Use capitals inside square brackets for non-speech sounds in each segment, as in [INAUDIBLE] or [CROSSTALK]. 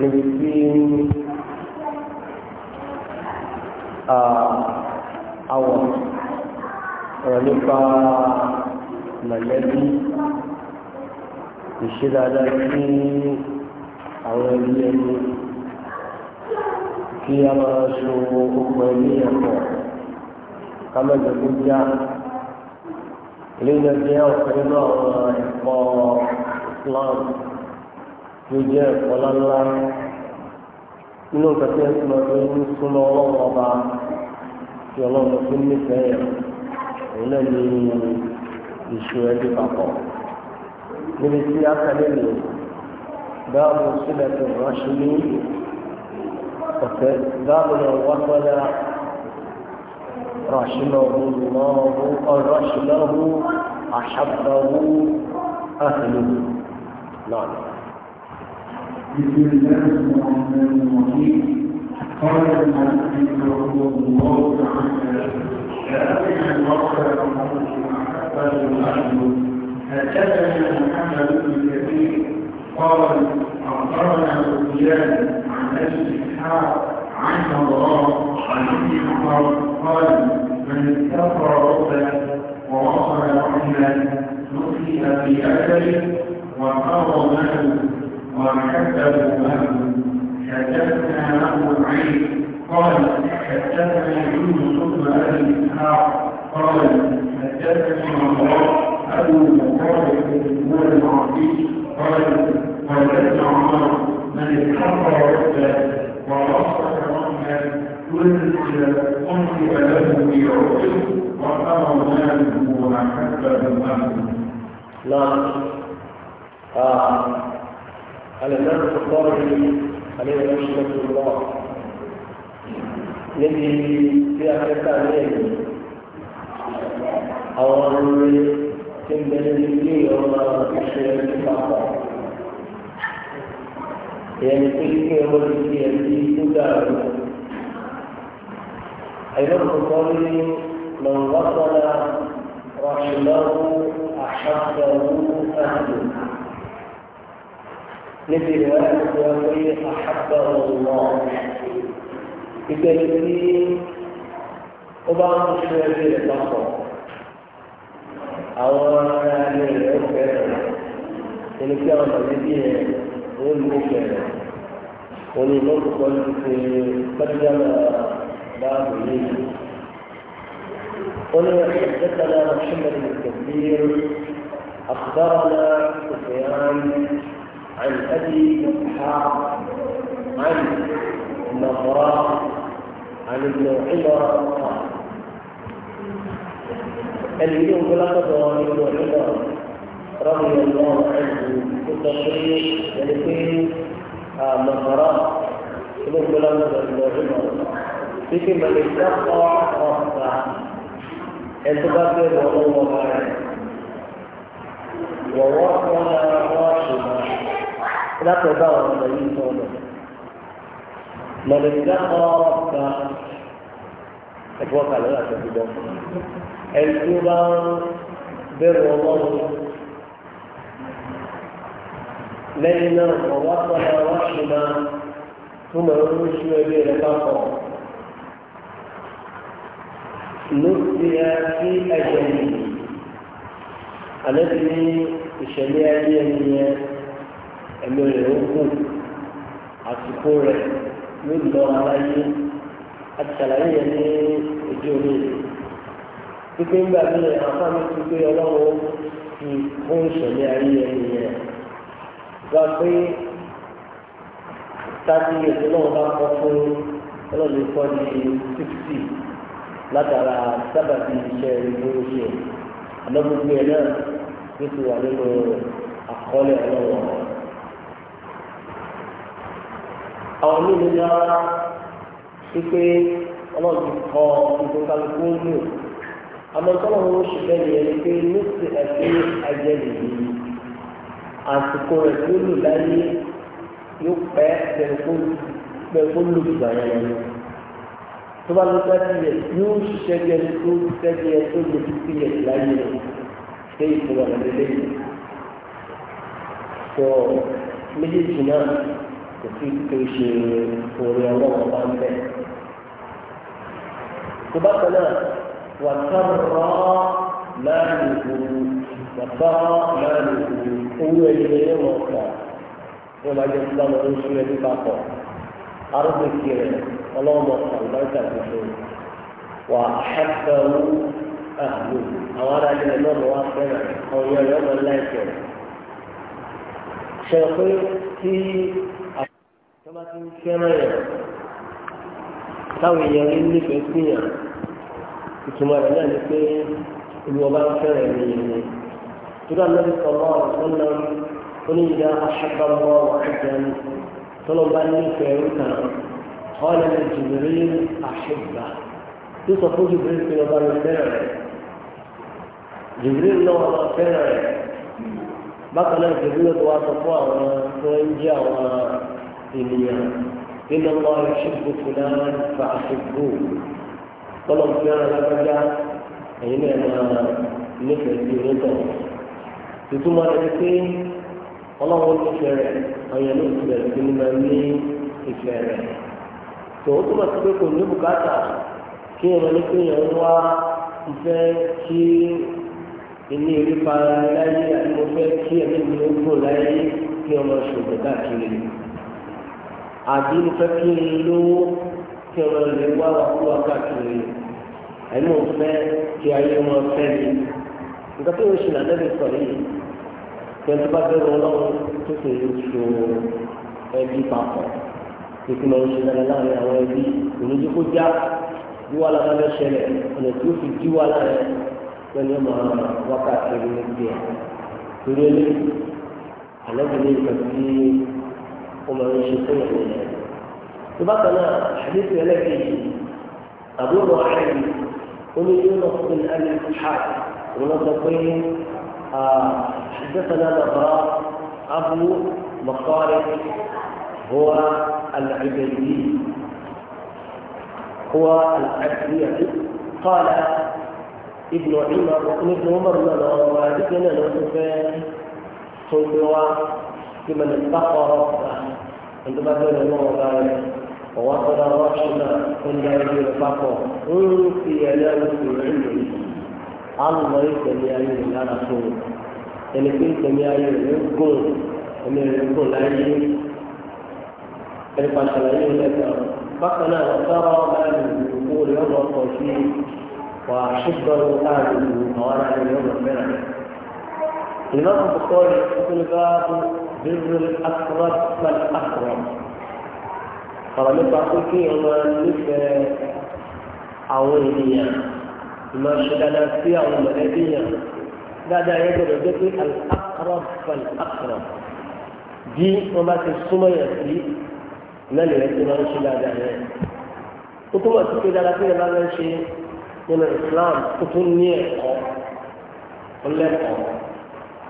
níbi tí àwọ̀ ọ̀rọ̀ nípa mọ̀lẹ́bí ìṣe dáadáa sí àwọn ẹbí ẹni kí a máa so okùn ẹbí ẹ̀kọ́ ká mẹ́jọ tó já ilé ìjọba jẹ́ ọ̀kan ẹ̀kọ́ Islam tó jẹ́ ẹ̀kọ́ ńlá nínú nǹkan tí ẹ ti máa fi ń súnmọ́ ọlọ́run ọba tí ọlọ́run tó nífẹ̀ẹ́ yẹn òun náà ní ìṣó ẹbí papọ̀ níbi tí a dáàbò sílẹ̀ tó ránṣẹ́ ní ọ̀fẹ́ dáàbò náà wá sọ́dá رحمه الله رحمه أحبه أهله نعم بسم الله الرحمن الرحيم قال المحدث رحمه الله تعالى لأبن الوقت محمد هكذا حدثنا محمد بن كثير قال أخبرنا سفيان عن أبي إسحاق عن الله عن أبي عمر قال من استغفر ربه ووصل رحمه نصيب في أجله وقضى له وكذبوه حدثنا ابو عيد قال حدثنا يونس بن ابي اسحاق قال حدثني عمر ابو بكر بن العربي قال قال عمر من اتقى ربه ورصد ربه كل قلت له بعرضه وارى ماله واحبه اهله لا آه. على الإمام البخاري عليه رحمة الله الذي في آخر التعليم أو في الدين وما تشتري الكفاح يعني كل شيء هو الذي تدار أيضا البخاري من وصل رحمه أحبه أهله níbi ìwádìí tí wọ́n pé àhábà ọ̀nà ìgbẹ́ni tí ó bá ń ṣe ẹbí rẹ̀ papọ̀ àwọn ará ilé rẹ̀ ó bẹ̀rẹ̀ ẹni tí àwọn mọ̀lẹ́bí rẹ̀ ó lù ú bẹ̀rẹ̀ òní lórúkọ ní ti pẹ́tẹ́lá báàbò yìí. قل حدثنا محمد بن كثير أخبرنا سفيان عن أبي إسحاق عن النظراء عن ابن عمر قال اليوم بلغت ابن عمر رضي الله عنه في التصريح لكي النصران ابن بلغت ابن عمر في من اتقى ربه عنه والله على راشدا láti ọba àwọn ọmọ yìí tó lọ. Mọ̀lẹ́dá ọ̀ọ́ta ẹ̀fọ́ kàlẹ́ láti ọdún bọ́. Ẹni tí ó bá ń bẹ̀rù ọlọ́run lẹ́yìn náà ọ̀wá sọ̀rọ̀ ọ̀wá ṣùgbọ́n tó mọ̀ ń ṣú ẹbí rẹ̀ papọ̀. Lóṣìṣẹ́ sí ẹ̀jẹ̀ yìí, àlẹ́ ti ní ìṣẹ̀lẹ̀ ẹbí yẹn ẹ̀mí rẹ̀ ó kù àsìkò rẹ̀ ló lọ aláyé àti àlàyé yẹn ní ojú omi pípé ńgbà mí àfáàmì ti pé ọlọ́run ti fún ìṣẹ̀lẹ̀ ayé yẹn nìyẹn gba pé táàbí ètò náà bá kọ́ fún ọlọ́run kọ́ ní sixty látara sábàbí iṣẹ́ ìgbóhùn ṣe àmọ́ gbogbo ẹ̀ náà ló ti wà nínú àkọọ́lẹ̀ ọlọ́run ọ̀hún. àwọn mímu ní ara wípé ọlọ́run kọ ìbò kálukú lò àmọ́ tọ́lọ́ wọn oṣù bẹ́ẹ̀ ni ẹni pé lóṣù ẹ̀fí ajẹ́ nìyí àsìkò rẹ̀ tó lò láyé yóò pẹ́ bẹ̀rẹ̀ kó lò gbà yẹn lọ tó bá lọ sáà tiẹ̀ yóò ṣiṣẹ́ bí ẹni tó ṣiṣẹ́ bí ẹni tó lò títí yẹn láyé lọ ṣé ìfowópamọ́ lélẹ́yìn tó méjèèjì náà kò sí tó ṣe orí ọlọ́wọ́ bá ń bẹ̀. tó bá kan náà wà sábà láàrin ìlú bàbá láàrin ìlú owó ẹ̀yẹ yẹn wọ̀ pọ̀ wọ́n máa jẹ́ sílá lọ́dún sí ẹbí papọ̀ arúgbìkì rẹ̀ ọlọ́wọ́ àlùbáríkà tuntun wà ṣàkàwọ́ àlù àwọn aráàlú rẹ̀ náà lọ́wọ́ fẹ́ràn ọ̀yọ́ yọ̀ọ́ lọ́ọ́ láìpẹ́ ṣe pé tí tó bá ti ń fẹ́ràn yẹn táwọn èèyàn rí nífẹ̀ẹ́ sí yẹn ìtumọ̀ rẹ̀ náà ni pé ìlú ọba ń fẹ́ràn ẹ̀mí yẹn ni tó Ànábì sallallahu alaihi wasallam oníyìnbá aṣọ́gbàmọ́ ọ̀hún tọ́lọ́ba nífẹ̀ẹ́ rúkà قال لجبريل أحبه يوسف جبريل في نظر السنة جبريل لو أنا سنة بقى جبريل واتقوى وإنجا ènìyàn nínú ọmọ ìṣègùn fúnà fà àṣègbò kọlọ fẹ́ràn lágbájá ẹ̀yin náà máa nífẹ̀ẹ́ sí onítọ ìtumọ̀ rẹ̀ pé ọlọ́run nífẹ̀ẹ́ rẹ̀ ọyàn ló ti bẹ̀rẹ̀ sí ní máa ní ìfẹ́ rẹ̀ tó o túmọ̀ sí pé kò ní bùkátà kí ẹ̀rọ ní pé yẹn ń wá ìfẹ́ kí ilé ìrípa láyé àti mo fẹ́ kí ẹ̀mí mi ó gbò láyé kí ọmọ ṣògbọ́n káàkiri àbí mo fẹ́ kí n lówó kí ọ̀rọ̀ lè wá wà fún wa káàkiri ẹnu fẹ́ kí ayé wọn fẹ́ mi nǹkan tó ń ṣe nà lẹ́bi sọ̀rọ̀ yìí pẹ̀lú bá bẹ̀rù ọlọ́run tó sì ń so ẹbí papọ̀ títí máa ń ṣe dáadáa láàrin àwọn ẹbí onídìí kó já bí lára lọ ṣẹlẹ̀ ọ̀nà tí ó fi dí lára pẹ̀lú ọmọ wákàtí ẹni ní tiẹ̀ torí ẹni àlẹ́ وما يشكون إليه تبقنا حديث لك أبو عليه ومن يونس بن أبي إسحاق ونطقين حدثنا نظراء أبو مخارج هو العبيدي هو العبيدي قال ابن عمر ابن عمر لنا ووالدنا نوسف سوى لمن اتقى ربه ẹ̀tọ́ bá tẹ̀lé náà ọ̀gá rẹ̀ ọ̀wá tọ́lá wá ṣúná tó ń darí rẹ̀ papọ̀ ń fi ẹlẹ́rú ìrìn rẹ̀ alùpùpù ìtẹ̀mí ayé rẹ̀ lára tó ẹni pé ìtẹ̀mí ayé rẹ̀ ń gùn ẹni rẹ̀ ń gùn láyé ẹni pàṣẹ láyé rẹ̀ kan bákan náà wọ́n sábà máa ń lò ó lè ọ̀rọ̀ ọkọ̀ البر الأقرب فالأقرب ọ̀rọ̀ nípa pé kí ọmọ nífẹ̀ẹ́ àwọn ènìyàn ìmọ̀ ṣe dáadáa sí àwọn mọ̀lẹ́bí yàn dáadáa yẹn gbọdọ̀ jẹ́ pé al-aqrab fal-aqrab bí wọ́n bá ti súnmọ́ yàn sí lẹ́nu rẹ̀ tí wọ́n ń ṣe dáadáa yẹn. ó túmọ̀ sí pé dáadáa tí Islam ó tún ní ẹ̀kọ́ ọlẹ́kọ̀ọ́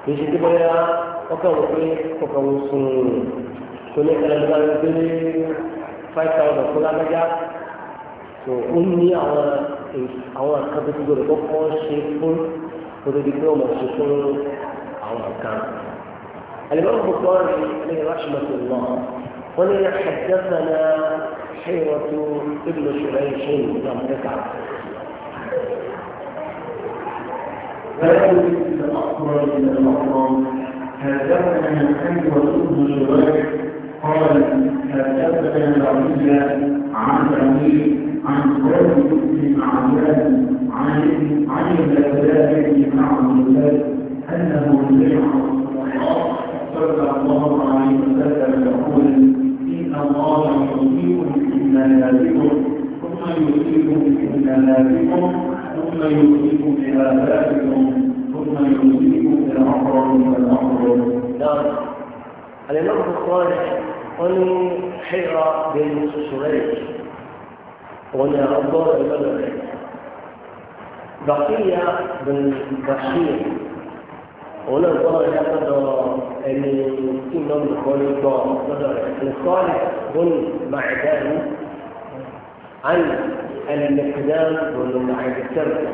kì ọkọ̀ wò pé kọ̀kọ̀ wò sùn kò ní ẹlẹ́dọ́gba ló dé five thousand fún lágbájá tó ó ní àwọn àwọn nǹkan tó ti gbọdọ̀ kọ́kọ́ ṣe fún olórí pé ọmọ ṣe fún àwọn nǹkan. الإمام البخاري عليه رحمة الله قل حدثنا حيرة ابن شريح لم يقع فلا يمكن الأكبر من الأكبر حدثنا الحمد بن شريح قال حدثنا العلي عن عمير عن قوم بن عباس عن عن العباس بن عبد الله انه سمع وني حيرة بين سوسريك وني أبور الملك بقية بن بشير ولا أبور يقدر أن يكون بقول الله لصالح بن معدان عن المقدام بن معدان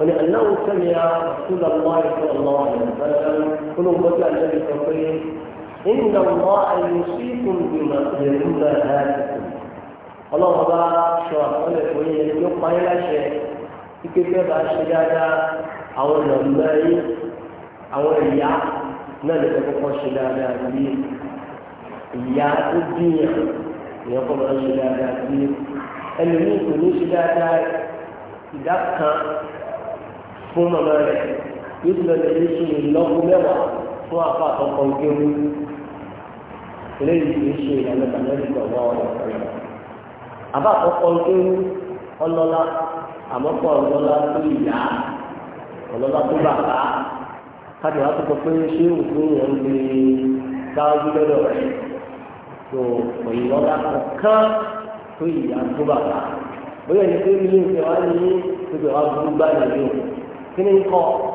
ولأنه سمع رسول الله صلى الله عليه وسلم كل مبتع الذي تقول إن الله يوصيكم بما بأمهاتكم ọlọ́run bá sọ àkọọ́lẹ̀ fún yín ló pa yín láṣẹ kíkẹ́ fẹ́ bá ṣe dáadáa àwọn nàmbá yín àwọn ìyá náà lè fẹ́ kọ́kọ́ ṣe dáadáa bí ìyá tó bíyàn ìyá kọ́ máa ṣe dáadáa bí ẹlòmíì kò ní ṣe dáadáa ìdá kan fún màmá rẹ̀ yóò ti lọ lè ṣe ìlọ́kùn mẹ́wàá fún àpá àtọkọ ìkéwú eléyìí kì ṣe ìlànà ìgbàlódé ọgbà ọ̀rọ̀ ọ̀rọ̀ àbá àtọkọ ìkéwú ọlọ́lá àmọ́pọ̀ ọlọ́lá tó ìyá ọlọ́lá tó bàbá káàdì wá tó pé ṣé òkú yẹn ń lè dáwájú lọ́dọ̀ rẹ̀ tó òyìnbọ́lá kankan tó ìyá tó bàbá bóyá ìdílé mi ń fẹ́ wá ní gbogbo àwọn gbogbo àyè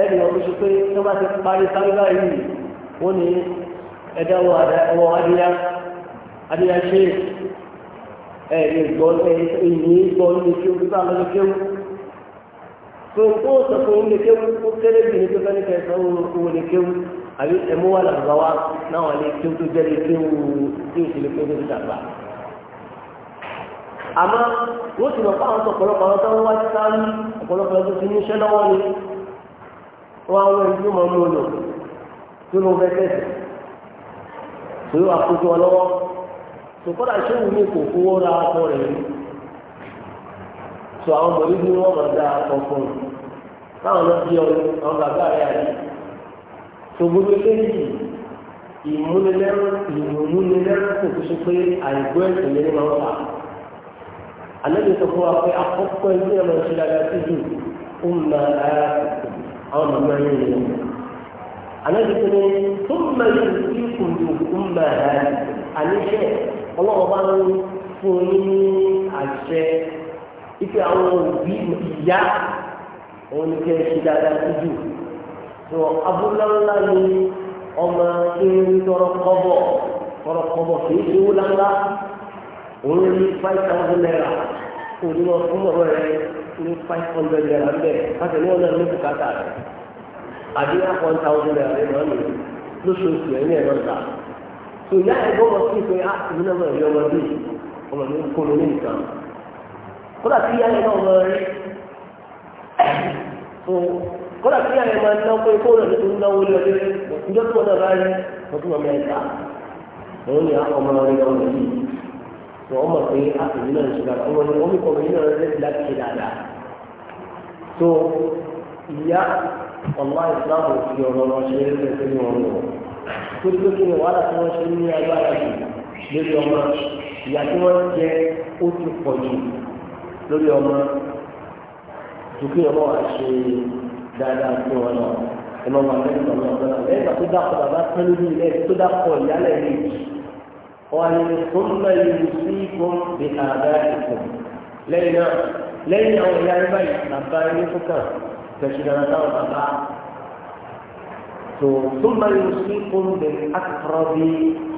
ẹni ọdún sọ pé tó bá ti parí sáńgá yìí wọ́n ní ẹ̀dá ọwọ́ adíyá adíyá ṣe ẹ̀rí gbọ́ ẹ̀yìn gbọ́ nílé kí ojú bá lọ kéwù tó ń kó sọ fún nílé kéwù ó kéré bí ní tó fẹ́ ní kẹsàn án owó ní kéwù àbí ẹ̀mú wà làbàbà wa náà wà ní kéwù tó jẹ́ ní kéwù tí wọ́n ti mọ̀ fáwọn ọ̀pọ̀lọpọ̀ àwọn tó ń wá sí sáà ní ọ̀pọ̀lọpọ̀ wọn àwọn ìlú mọ mú lò tó ló fẹ́ tẹ̀sí tó yóò àkójọ lọ́wọ́ tó kọ́dà ṣéwù ní kò fowó ra ọkọ rẹ̀ rí tó àwọn mọ̀lẹ́ bí wọ́n mọ̀ dá ọkọ fún un táwọn lọ bí ọyọ àwọn bàbá rẹ̀ àyè tó gbogbo eléyìí ìmúnilẹ́rù ìmúnilẹ́rù kò tó ṣe pé àìgbọ́ ẹ̀sìn lé ní wọn wà alẹ́ mi sọ fún wa pé akọ́kọ́ ẹgbẹ́ ọmọ ìṣẹ̀lẹ̀ àti ìlú ó ń na ara rẹ̀ àwọn màmá yín ni wọn. Àlejò tó ní tó ń bá yín kí kò ní òkú ń bá ara rẹ̀. Àníṣe ọlọ́wọ́ bá ń fún yín ní àṣẹ ife àwọn òbí ìyá òun ni kẹ́ ẹ ṣe dáadáa lójú. Sọ abúláńlá ni ọmọ tí ń tọrọ kọ́bọ̀ tọrọ kọ́bọ̀ kì í ṣe wúláńlá òun ní five thousand naira onímọ̀ ọmọ rẹ ní five hundred naira ń bẹ̀ láti ní ọ̀nà ní bùkátà rẹ̀ àbí one thousand naira rẹ̀ lọ́nà lóṣooṣù ẹ̀ ní ẹ̀rọ ìgbà. tó ìyá ẹ̀ gbọ́ wọn sí pé á ah, ìlú náà mọ̀ ọmọ bí ọmọ mi ń kó lóní nìkan. kódà tí ìyá ẹ̀ náà mọ̀ rí tó kódà tí ìyá ẹ̀ máa ná pé kó rẹ̀ nítorí náwó lé ọdẹ ìjọ tó wọn náà bá rí ọdún ọmọ ẹ̀ tó ọmọ pé àtẹ̀mí náà ń ṣe dáadáa ọmọ ní omi kọ̀ọ̀mù yìí náà ń rẹ́sì láti ṣe dáadáa tó ìyá ọ̀la ìsìláàmù fi ọ̀rọ̀ lọ ṣe é lẹ́sẹ̀ ní ọ̀rọ̀ tó dé kí ni wàhálà tí wọ́n ṣe ní agbára jù lórí ọmọ ìyá tí wọ́n jẹ ó ti pọ̀ jù lórí ọmọ ju ọmọ wa ṣe dáadáa fún wọn lọ ẹ̀ lọ́wọ́ àlẹ́ ìgbà wọn lọ́wọ́ lẹ́yìn tó dákọ̀ bàbá tán lórí ilé tó dákọ̀ ìyálẹ̀ yìí وأن ثم يوصيكم بآبائكم لينا لينا وإلى البيت أبائي فكر تشجر بابا ثم يوصيكم بالأقرب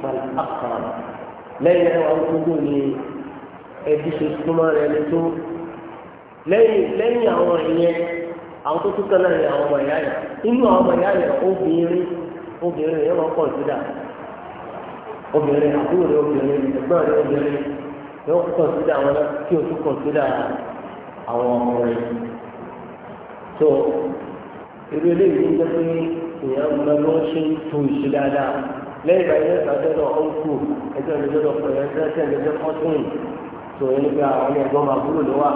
فالأقرب لينا وأنتم ẹbíṣe súnmọ́ rẹ̀ ní tó lẹ́yìn lẹ́yìn àwọn ìyẹn àwọn tó tún kan náà ní àwọn ọmọ ìyá yẹn inú àwọn ọmọ ìyá yẹn obìnrin obìnrin yẹn wọ́n pọ̀ sídà obìnrin àbúrò rẹ obìnrin ẹ̀gbọ́n rẹ obìnrin yóò kọ̀nsídà àwọn kí o tún kọ̀nsídà àwọn ọkùnrin tó irú eléyìí ń jẹ́ pé èèyàn máa ló ń ṣe ń tu ìṣe dáadáa lẹ́yìn ìgbà yẹn ìgbàjọ́ náà ó ń kú ẹjọ́ ìgbàjọ́ náà pẹ̀lú ẹjọ́ ẹjọ́ ìgbàjọ́ kọ́tún tó yẹn nípa àwọn ẹ̀gbọ́n máa búrò ló wà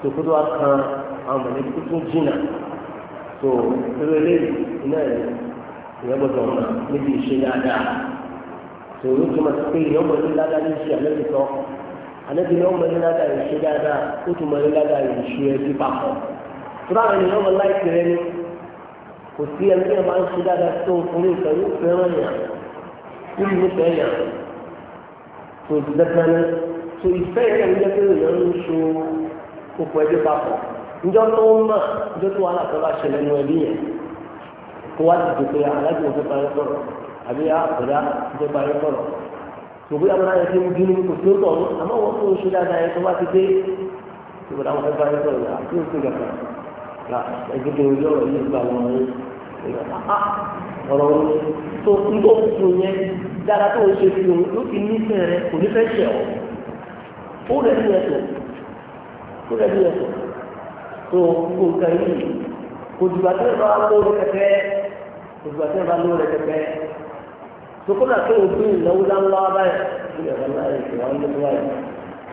tó kó tó wá kan àwọn mọ̀lẹ́bí tó jìnà tó irú eléyìí náà ìyẹn gbọ́dọ̀ mọ̀ níbi ìṣe dáadáa tòun tó máa ti pé ìyá ọmọ yìí ládàá ní ìṣe àlẹ́bí tán àlẹ́bí ní ọmọ yìí ládàá ìṣe dáadáa ó tún máa ní ládàá ìṣe ẹbí papọ̀ tó bá wọn ìyá ọmọ láìpẹ́ rẹ ni kò sí ẹni tí wọn máa ń ṣe dáadáa tó ń fún ìfẹ́ yóò fẹ́ràn yàn kí ni nífẹ̀ẹ́ yàn tó ti dẹ́gbẹ́ ní tó ìfẹ́ yẹn ń jẹ́ pé ń so okùn ẹbí papọ̀ njọ́ tó ń mọ̀ njọ́ tó wà látọ̀ bá ṣẹlẹ̀ nù ẹbí yẹn kó wá ti dùn pé aláàjì òfin àbí àkùdá tó bá yẹ kọ̀rọ̀ tòbí abúlé ayé tí ń bínú kò tó tọ̀ ọ́n àmọ́ wọ́n tó ń ṣe dáadáa yẹn tó bá ti dé tòbí àwọn ẹgbẹ́ ayé kọ̀rọ̀ yà àti òkú gàkà là ẹgbẹ́ orí ọ̀rọ̀ yìí gba wọn ní ọ̀rọ̀ wọn tó ń tó fún yẹn dáadáa tó ń ṣe fi òun ló ti nífẹ̀ẹ́ rẹ kò nífẹ̀ẹ́ ṣẹ̀ ọ́ ó rẹ̀ ní ẹ̀sọ̀ ó rẹ̀ ní ẹ̀sọ̀ sukuna tó o bí ìnáwó lánlá báyìí ní ẹ̀rọ náà yìí tó wọn nínú báyìí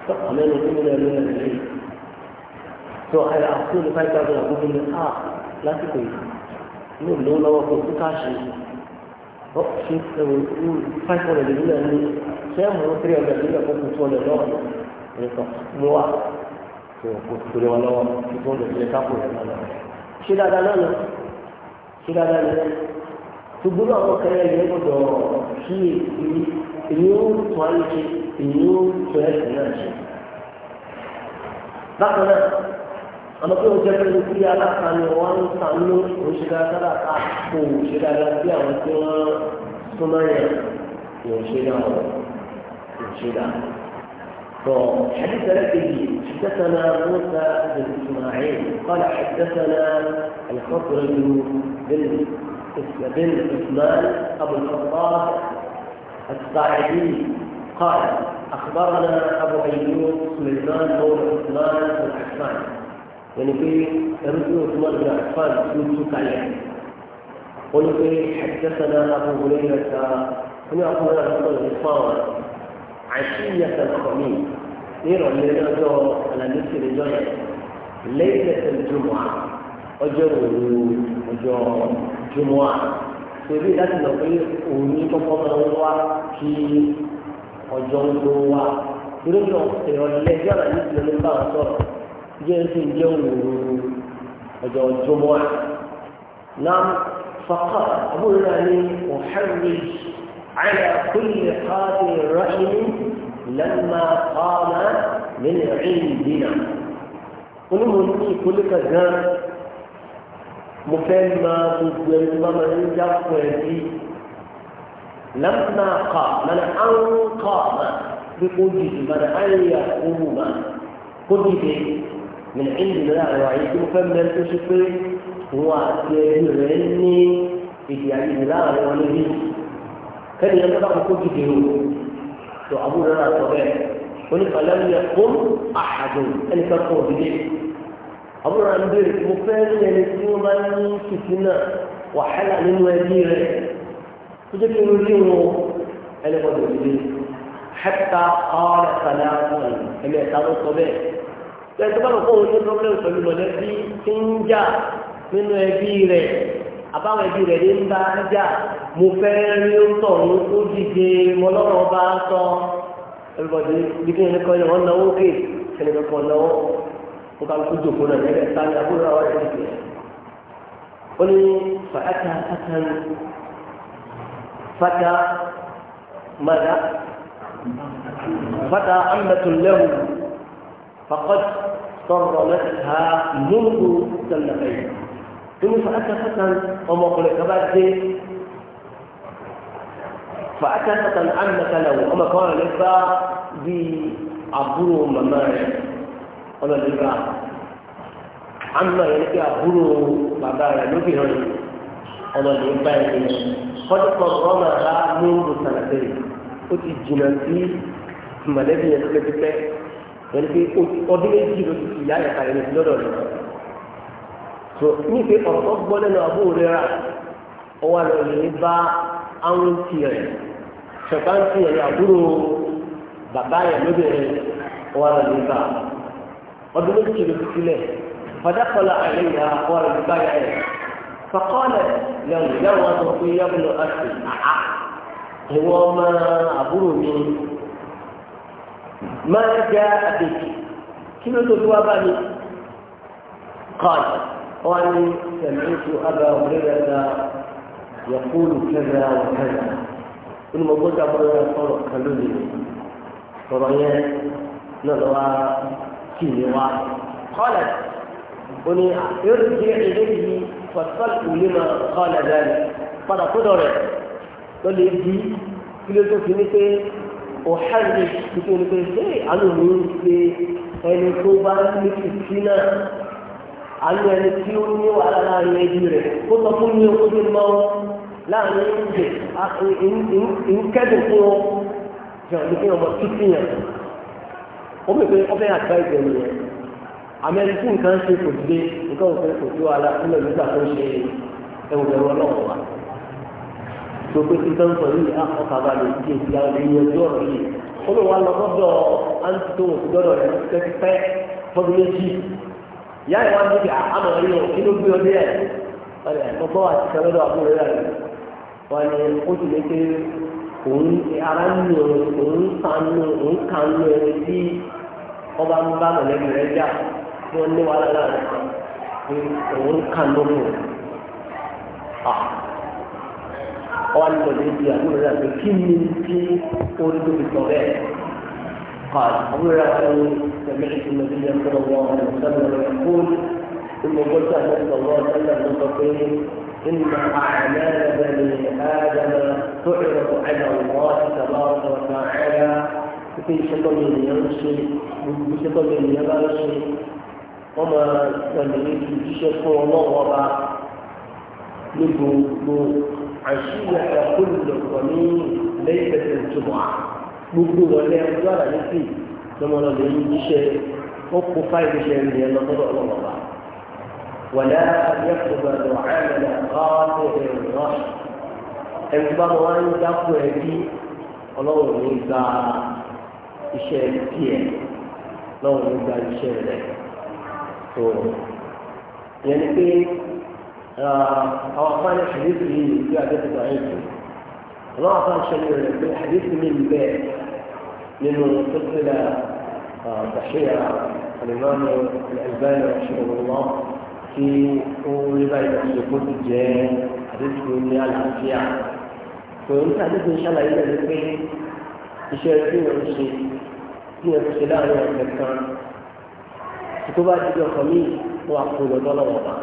tó àmì ẹni tó nílò ẹni ẹni yìí tó àyà àkókò ní five thousand àkókò ní a ah, lásìkò yìí ní ìlú lọ́wọ́ kó kó káàṣì ó ṣe ẹ̀rọ ní five hundred nílò ẹni sẹ́ẹ̀mù ní three hundred nílò ẹ̀kọ́ kó tó ọ̀lẹ̀ lọ́wọ́ ẹ̀kọ́ mú wa tó kó tó lé wọn lọ́wọ́ kó tó ọ̀lẹ̀ ṣe dáadáa náà ṣe dáadáa náà ṣùgbọ́n àwọn kan yẹn yẹn kí èyí ó tún ayé ṣe èyí ó tún ẹsẹ̀ náà ṣe. bákan náà àwọn tó ń jẹ́ pé ní alákanu wọn ń ta ní oṣù dáadáa ká kó oṣù dáadáa sí àwọn tí wọ́n súnmọ́ yẹn ní oṣù náà wọ̀ ní oṣù náà. فحديث ركبي حدثنا موسى بن اسماعيل قال حدثنا الخضر بن بن عثمان أبو الخطاب الساعدي قال أخبرنا أبو أيوب سليمان بن عثمان بن عفان يعني في رسول عثمان بن عفان يوسف عليه قل في حدثنا أبو هريرة هنا أبو هريرة الصلاة عشية الخميس يرى إيه لنا على نفس الجنة ليلة الجمعة ọjọ́ òru ọjọ́ jùmọ̀ à torí láti lọ pé òun ní kọ́kọ́ máa ń wá kí ọjọ́ ń lò wá torí náà èrò lẹ́jọ́ náà ní ìlú bá wọn sọ̀rọ̀ jẹ́ ń sìn jẹ́ òru ọjọ́ jùmọ̀ náà fàkà àbúrò ní ọ̀hẹ́rì على كل قادر رحم لما قام من عندنا قلوا لي كلك ذنب mo fẹ́ ma gbogbo ẹni tó bá ma ní já fún ẹ bí lẹ́mùnà kọ̀ mẹ́nà áwọn kọ̀ mà bí kò dìde mẹ́nà áyà òwò mà kò dìde mẹ́nà ẹ̀yìn lọ́wọ́ àyè tí fẹ́ mẹ́rin tó ṣe pé wọn àti ẹbí rẹ̀ ní èdè àyè láàrin wọn níbí kẹ́ni ẹ̀ bá kókó dìde o tó àbúrò náà sọ bẹ́ẹ̀ oníkàlẹ́ ń yẹ fún àhàdùn ẹnì kan kọ̀ dìde àbúrò ń bèrè mo fẹ́ rí ẹni tí wọ́n bá ní fìtínà wàhálà nínú ẹbí rẹ̀ tó jẹ́ kí n rí wọn ẹni gbọ́dọ̀ ìdílé hẹ́pítà ọ̀rẹ́ sàlẹ̀ àwọn ẹ̀mí ẹ̀ta ló sọ bẹ́ẹ̀ bẹ́ẹ̀ tó bá lọ fóun ní pọ́blẹ́mù pẹ̀lú mọ̀lẹ́bí tí ń jà nínú ẹbí rẹ̀ àbáwọn ẹbí rẹ̀ ní ń bá jà mo fẹ́ rí ó tọ̀ ní ó dìde mọ́lọ́rọ̀ bá sọ ẹ̀rọ وقال كنت هنا هيك الثاني اقول روايه كثيره قل فاتى فتى فتى ماذا فتى عمة له فقد صرمتها منذ سنتين ثم فاتى فتى وما قل كبات فاتى فتى عمة له وما قال لك بعض بعبره ممارس ọlọ́dún bá àmọ́ yẹn kí àbúrò bàbá rẹ̀ lóbìnrin ọlọ́dún bá yẹn ni kọ́dọ̀kọ́ rọ́mà bá múlò sàlàtẹ́rì ó ti jìnnà sí mọ̀lẹ́bí yẹn pẹ́pẹ́pẹ́ yẹn kí ọdún méjì ló ti fi ìyá yẹn kàlẹ́ ní lọ́dọ̀ rẹ̀ tó ní pé ọ̀rọ̀ tó gbọ́ lẹ́nu àbúrò rẹ̀ rà ó wà lọ́ọ̀lẹ́ bá àwọn tiẹ̀ ṣọ̀gbọ́n tiẹ̀ àbúrò bàbá yẹn lóbìnrin ó wà lọ́ọ̀lẹ́ bá ọdún méjì ló fi sílẹ̀ fàdákọ́lá àìlẹ́yà wàrà ìgbáyà ẹ̀ fàkọ́lẹ̀ lẹ́wọ̀n ìyáwó wọn sọ pé yẹ́bùlọ àti àá ìwọ ọmọ àbúrò mi máa já àbèjì kí ló tó tó wá bá mi kọ́ọ̀lù wọn ni sẹ̀mẹ́tù àbá òrẹ́rẹ́ta yẹ̀kúlù kẹ́rẹ́ àwọn kẹ́rẹ́ inú mọ̀gbọ́dọ̀ àbúrò yẹn sọ̀rọ̀ kan lónìí sọ̀rọ̀ yẹn náà lọ́wọ́ kì í wá kọ́lẹ̀ ó ní erùjẹ́ eléyìí fọ́tọ́lù lima kọ́lẹ̀ bẹ́ẹ̀ padà kódọ̀ rẹ̀ ló lè di kí ló tó fi ní tuntun ní pé ṣé àánú mi ṣe ẹni tó bá ní kìkì náà àánú ẹni tí ó ní wàhálà láàrin ẹbí rẹ̀ kó sọ fún mi ó ti mọ́ láàrin ìǹkẹ́dùn fún ọ jẹ̀wọ́n ní kí ọmọ títí yẹn ó bèèrè ọbẹ̀ àgbà ìgbẹ́ yẹn àmẹ́rin tí nǹkan ṣe kò dé nǹkan ò fẹ́ kò sí wàhálà sílẹ̀ nígbà tó ṣe ẹ̀wù ẹ̀rọ ọlọ́run wa tó pé tí tán yìí á ah, ọkà balẹ̀ ìdíje ti àwọn ènìyàn ojú ọ̀rọ̀ yìí ó lè wá lọ sọ́dọ̀ àǹtí tó wọ̀n sí dọ́dọ̀ rẹ̀ tẹ́tí fọ́dún méjì ìyá ìwà ní bí àmọ̀ ah, rí o kí ló gbé ọdẹ ẹ̀ ọ̀rẹ́ ẹ̀kọ́ ah, àti sọ́dọ̀ àbúrò rẹ̀ wọ́n ní ó sì lé pé òun ara ń òun kanu òun kanu ẹni tí ọba ń bá mọ̀lẹ́bí rẹ̀ já kí wọ́n ní wàhálà láàrin pé òun kà lórí o. ọba ní ìtọ́jú ibi àbúrò rẹ̀ pé kí ni tí orí tó fi sọ bẹ́ẹ̀. قال أبو هريرة سمعت النبي صلى الله عليه وسلم يقول ثم قلت صلى الله عليه وسلم للرسول إن أعمال بني آدم تعرض على الله تبارك وتعالى في شكل يمشي gbogbo iṣẹ́ tó lè yẹ bá ṣe wọ́n máa tẹ̀lé níbi fún ọlọ́wọ́ ọba ní gbogbo àṣìyà ìyàkólùlọ̀kọ̀ ní lẹ́yìn pẹ̀lú ìtumọ̀ gbogbo wọlé ọjọ́ àlàyé sí lọ́mọdé lè ní iṣẹ́ wọ́n kó fáìlì iṣẹ́ ìrìn lọ́sọ́dọ̀ ọlọ́wọ́ ọba. ولا يقبل عمل قاطع الرحم ẹgbẹ́ ń gba iṣẹ́ tiẹ̀. نو من دار الشيء ده تو يعني في أوقات الحديث في في عدد ضعيف لا أقال شيء من الحديث من بعد من تصل تحية الإمام الألباني رحمه الله في ولباية سقوط الجان حديث من العافية فإن حديث إن شاء الله إذا ذكرت يشاركين الشيخ tí ẹ fi ṣe láàrin ọ̀sẹ̀ kan tó bá di ọkọ̀ mi wọ́n á kó lọ́dọ́ lọ́wọ́ wa.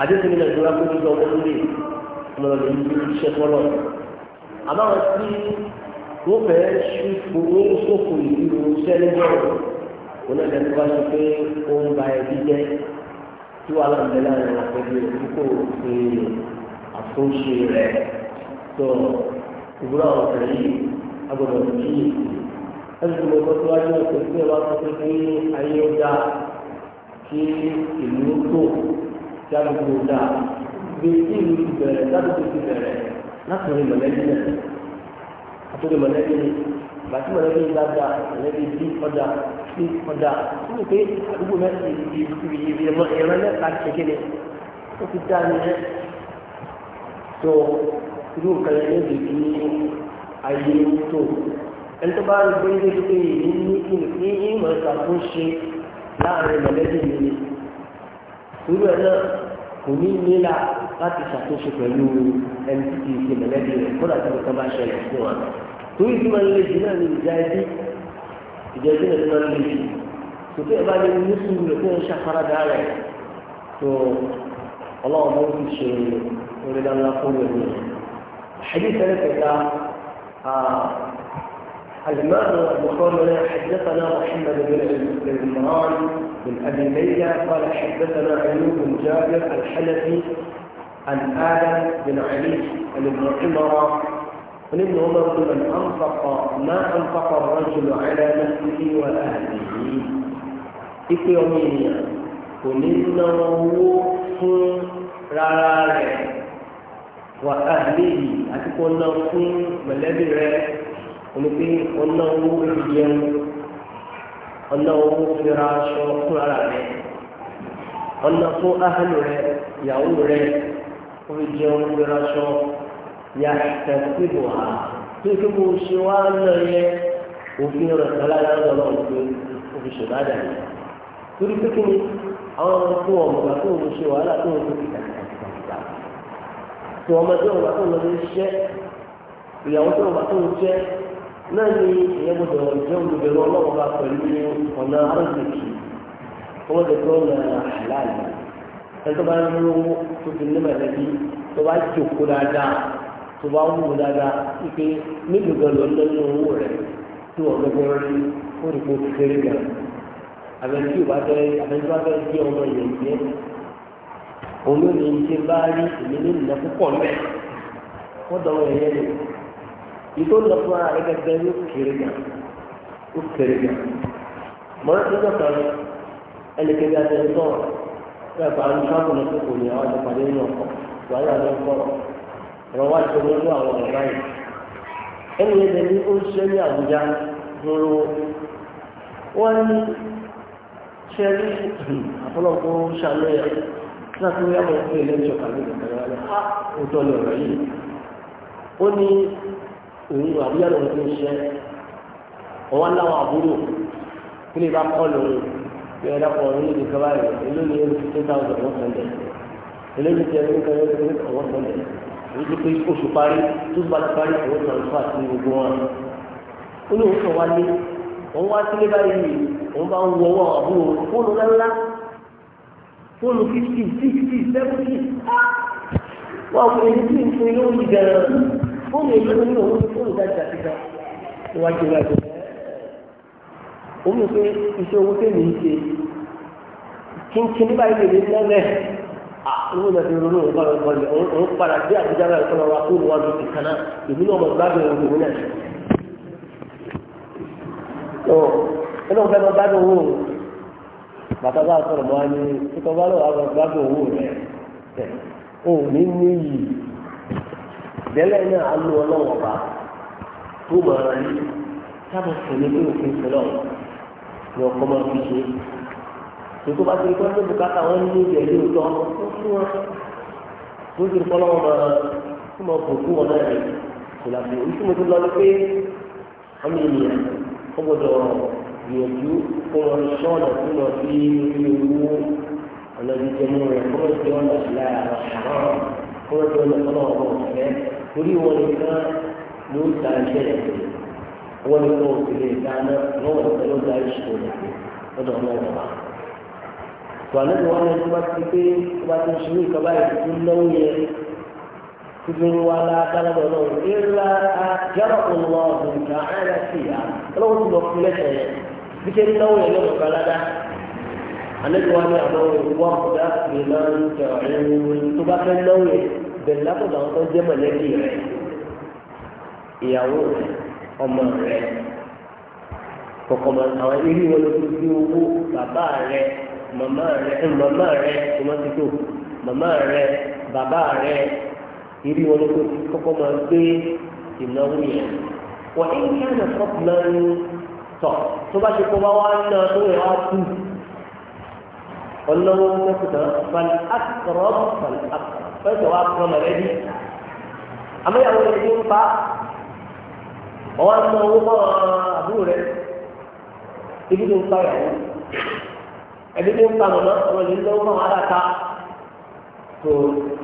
àdéhùn mi nàìjíríà kó ní ọwọ́ lórí ọmọlọ́dún ní iṣẹ́ fọ́lọ́. àmọ́ àwọn tí wọ́n fẹ́ ṣùkú wọ́n ṣòfò ìlú iṣẹ́ lẹ́jọ́ wọn náà lẹ́nu bá ṣe pé ó ń ba ẹbí jẹ́ tí wàá lọ bẹ láàrin àpẹẹrẹ àkókò èrè àtúnṣe rẹ̀ tó ìwúrọ̀ ọ̀sẹ̀ yìí agbọ̀dọ̀ ẹlòmíràn tó wájú ọ̀sẹ̀ tí wọ́n bá tó pé ayé ọjà kí ìlú tó kí àdúgbò dà bí tí ìlú ti bẹ̀rẹ̀ ládùúgbò ti bẹ̀rẹ̀ láti rìn mọ̀lẹ́bí náà àtúndì mọ̀lẹ́bí ni bàtí mọ̀lẹ́bí ń dáadáa mọ̀lẹ́bí bí ọ̀dà bí ọ̀dà wọ́n pé àdúgbò náà ti di ibi ibi ìran ẹni tó bá rí pé ní pé èyí ní ìlú ní ìmọ̀ ìṣàtúnṣe láàrin mọ̀lẹ́bí mi ni irú ẹ̀ náà kò ní nílà láti ṣàtúnṣe pẹ̀lú ẹni tí kì í ṣe mọ̀lẹ́bí rẹ̀ kódà tí nǹkan bá ṣẹlẹ̀ sí wọn. torí tí wọ́n lè jù náà ní ìjà ẹbí ìjà ẹbí náà tí wọ́n lè jù tòtí ẹ̀ bá lè ní sùúrù rẹ̀ kí wọ́n ṣàfaradà rẹ̀ tó ọlọ́run ló ti ṣe orí dáná fún ẹ̀mí. المعنى المخرج حدثنا محمد بن عمران بن أبي ليلى قال حدثنا أيوب بن جابر الحنفي عن آدم بن علي عن ابن عمر عن ابن عمر من أنفق ما أنفق الرجل على نفسه وأهله إكو يومين وننه رارا وأهله أتكون نفسه ملابي olùgbé ọlọ́wọ́ ìdíyẹn ọlọ́wọ́ fira aṣọ fún ara rẹ ọlọ́ fún rẹ ìyàwó rẹ ìdíyẹn fira aṣọ yà tẹ̀síbù ha tó kí ṣe wá lọ òfin rẹ sọlá yà lọ òfin òfin ṣọlá dà yẹ torí pé kí ni àwọn ọmọ tó ọmọ gbà tó ń ṣe wàhálà tó ń tóbi kàkàkàkà tó ọmọ tó ọmọ tó ń lọ ìyàwó tó ọmọ tó ń jẹ́ naanị ni èèyàn gbọdọ̀ jẹ́ olùbẹ̀rù ọlọ́wọ́ bá pẹ̀lú ọ̀nà arọ́sìkì wọ́n ti tó ọ̀nà àláàlì ẹni bá ń lo ní mẹ̀lẹ́bí tó bá jòkó dáadáa tó bá wù dáadáa owó rẹ̀ tí wọ́n rí ó rí ìtò lọ fún ara ẹgbẹ́ gbẹ ló kéré gan ó kéré gan mọ ẹgbẹ́ kan ẹnìkejì àti ẹni tọrọ bẹ́ẹ̀ bá ń sábà lọ sí òní àwọn ọmọ pàdé nínú ọkọ wàhálà ló ń kọrọ ọ̀rọ̀ wá ti wọn lọ àwọn ọ̀rọ̀ báyìí ẹni yẹn ní ó ń ṣe ní àbújá dúró wọn ní ṣẹlí àfọlọpọ ṣàlẹ láti rí àwọn ọmọ ilé ìṣọkàlẹ ìgbàlẹ wọn ní ó ní ọ̀rọ̀ yìí ó ní òun àbúyá lòun tó ń ṣe ọwọ́ láwọn àbúrò kí lè bá kọ́ lòun bí ẹ dákọ̀ ọ̀run níbi kaba rẹ̀ èló ni ẹni tí ten thousand wọ́n sọ̀ndẹ̀ èló ni tí ẹni tí ẹni tí wọ́n sọ̀ndẹ̀ èyí ti pé oṣù parí tó bá ti parí òun sọ̀rọ̀ nípa sí gbogbo wọn. ó ní òun sọ wá lé òun wá sílé báyìí òun bá ń wọ ọwọ́ àbúrò fóònù ńláńlá fóònù fifty sixty seventy wọ́n á fún ẹni tí ń fún ilé oúnjẹ gan-an fóònù èyí ló ní òun fóònù dájà síta iwájú iwájú òun pé iṣẹ́ owó tèmi ń ṣe kínkín nígbà yìí lè ní lẹ́lẹ̀ àwọn ọmọdé ronú òun báwọn bọ̀ ní òun padà dé àbújá báyìí kọ́nà wa fóònù wa lóṣù kan náà èmi náà mọ̀ gbádùn òun òun náà tó ẹnu ọ̀fẹ́ lọ gbádùn òun bàtà bá sọ̀rọ̀ mọ́ ẹni tó tọ́ bá lọ́wọ́ gbádùn òun rẹ̀ òun ní níyì tẹ́lẹ̀ náà á lọ ọlọ́wọ́ ọba tó mọ̀ ọ́n yìí sábà tẹ̀lé pé òfin fẹlẹ̀ ọ̀ ni ọkọ máa fi ṣe tòtò bá ti rí pé ọdún bùkátà wọn ní ìjẹ ilé òótọ́ ó fún wọn tó ti rí pọ́lọ́wọ́ máa tó máa bò fún wọn náà kò láti orí tí mo lọ pé àmì ènìyàn ó gbọdọ̀ gbìyànjú kó wọn ṣọ́ ọ̀nà tí wọn fi rí owó ọ̀nà jíjẹ rẹ̀ kó wọn ti ọ̀nà ìlà àwọn àrùn kó wọn ti ọ̀nà tọ́lọ́wọ́ torí wọn nìkan ló ń ta iṣẹ́ rẹ̀ pé wọn nìkan ò sì lè dáná lọ́wọ́ ìfẹ́ ló da ìṣòro rẹ̀ pé lọ́dọ̀ ọlọ́run wa. tòwánà ni wọn yẹn tó bá ti pé tó bá ti ń ṣubú ìkọ́bá ìtútù náwó yẹn tuntun wa la kala bọ̀ lọ́wọ́ ìlà àjọrọ̀ ọ̀nà ọ̀gbìnkà ẹ̀rẹ́ sí ya ọlọ́wọ́ ti lọ fún lẹ́sẹ̀ yẹn bí ṣe ń náwó yẹn lọ́dọ̀ kalada àlejò wa ni àbọ̀ wọ́n kọjá ìlànà ìjọba ẹ̀rọ tó bá fẹ́ náwó yẹn. bẹ̀rẹ̀ látọ̀dọ̀ àwọn tó jẹ́ mọ̀lẹ́bí rẹ̀ ìyàwó rẹ̀ ọmọ rẹ̀ kọ̀kọ̀ mọ̀ àwọn eré wọn ló fi fi owó bàbá rẹ̀ màmá rẹ̀ màmá rẹ̀ tòmátìtò màmá rẹ̀ bàbá rẹ̀ eré wọn ló fi kọ́kọ́ máa gbé ìnáwó yẹn wọ́n ń kí ẹ̀rọ fọ́ọ̀tù náà ń tọ̀ tó bá ti kọ́ bá wá ń ná tó yẹ wá kú ọlọ́wọ́ mẹ́kúta fal akọ̀rọ̀ fal akọ̀rọ̀ fẹsẹ̀ wa kọ́ mọ̀lẹ́bí àmọ́yàwó rẹ̀ ti ń fa ọwọ́ àmọ́ owó mọ́ àbúrò rẹ̀ ibi tó ń fa ìyàwó ẹbí tó ń fa mọ̀mọ́ ọmọ ìlú tó ń fa wàhálà ká tó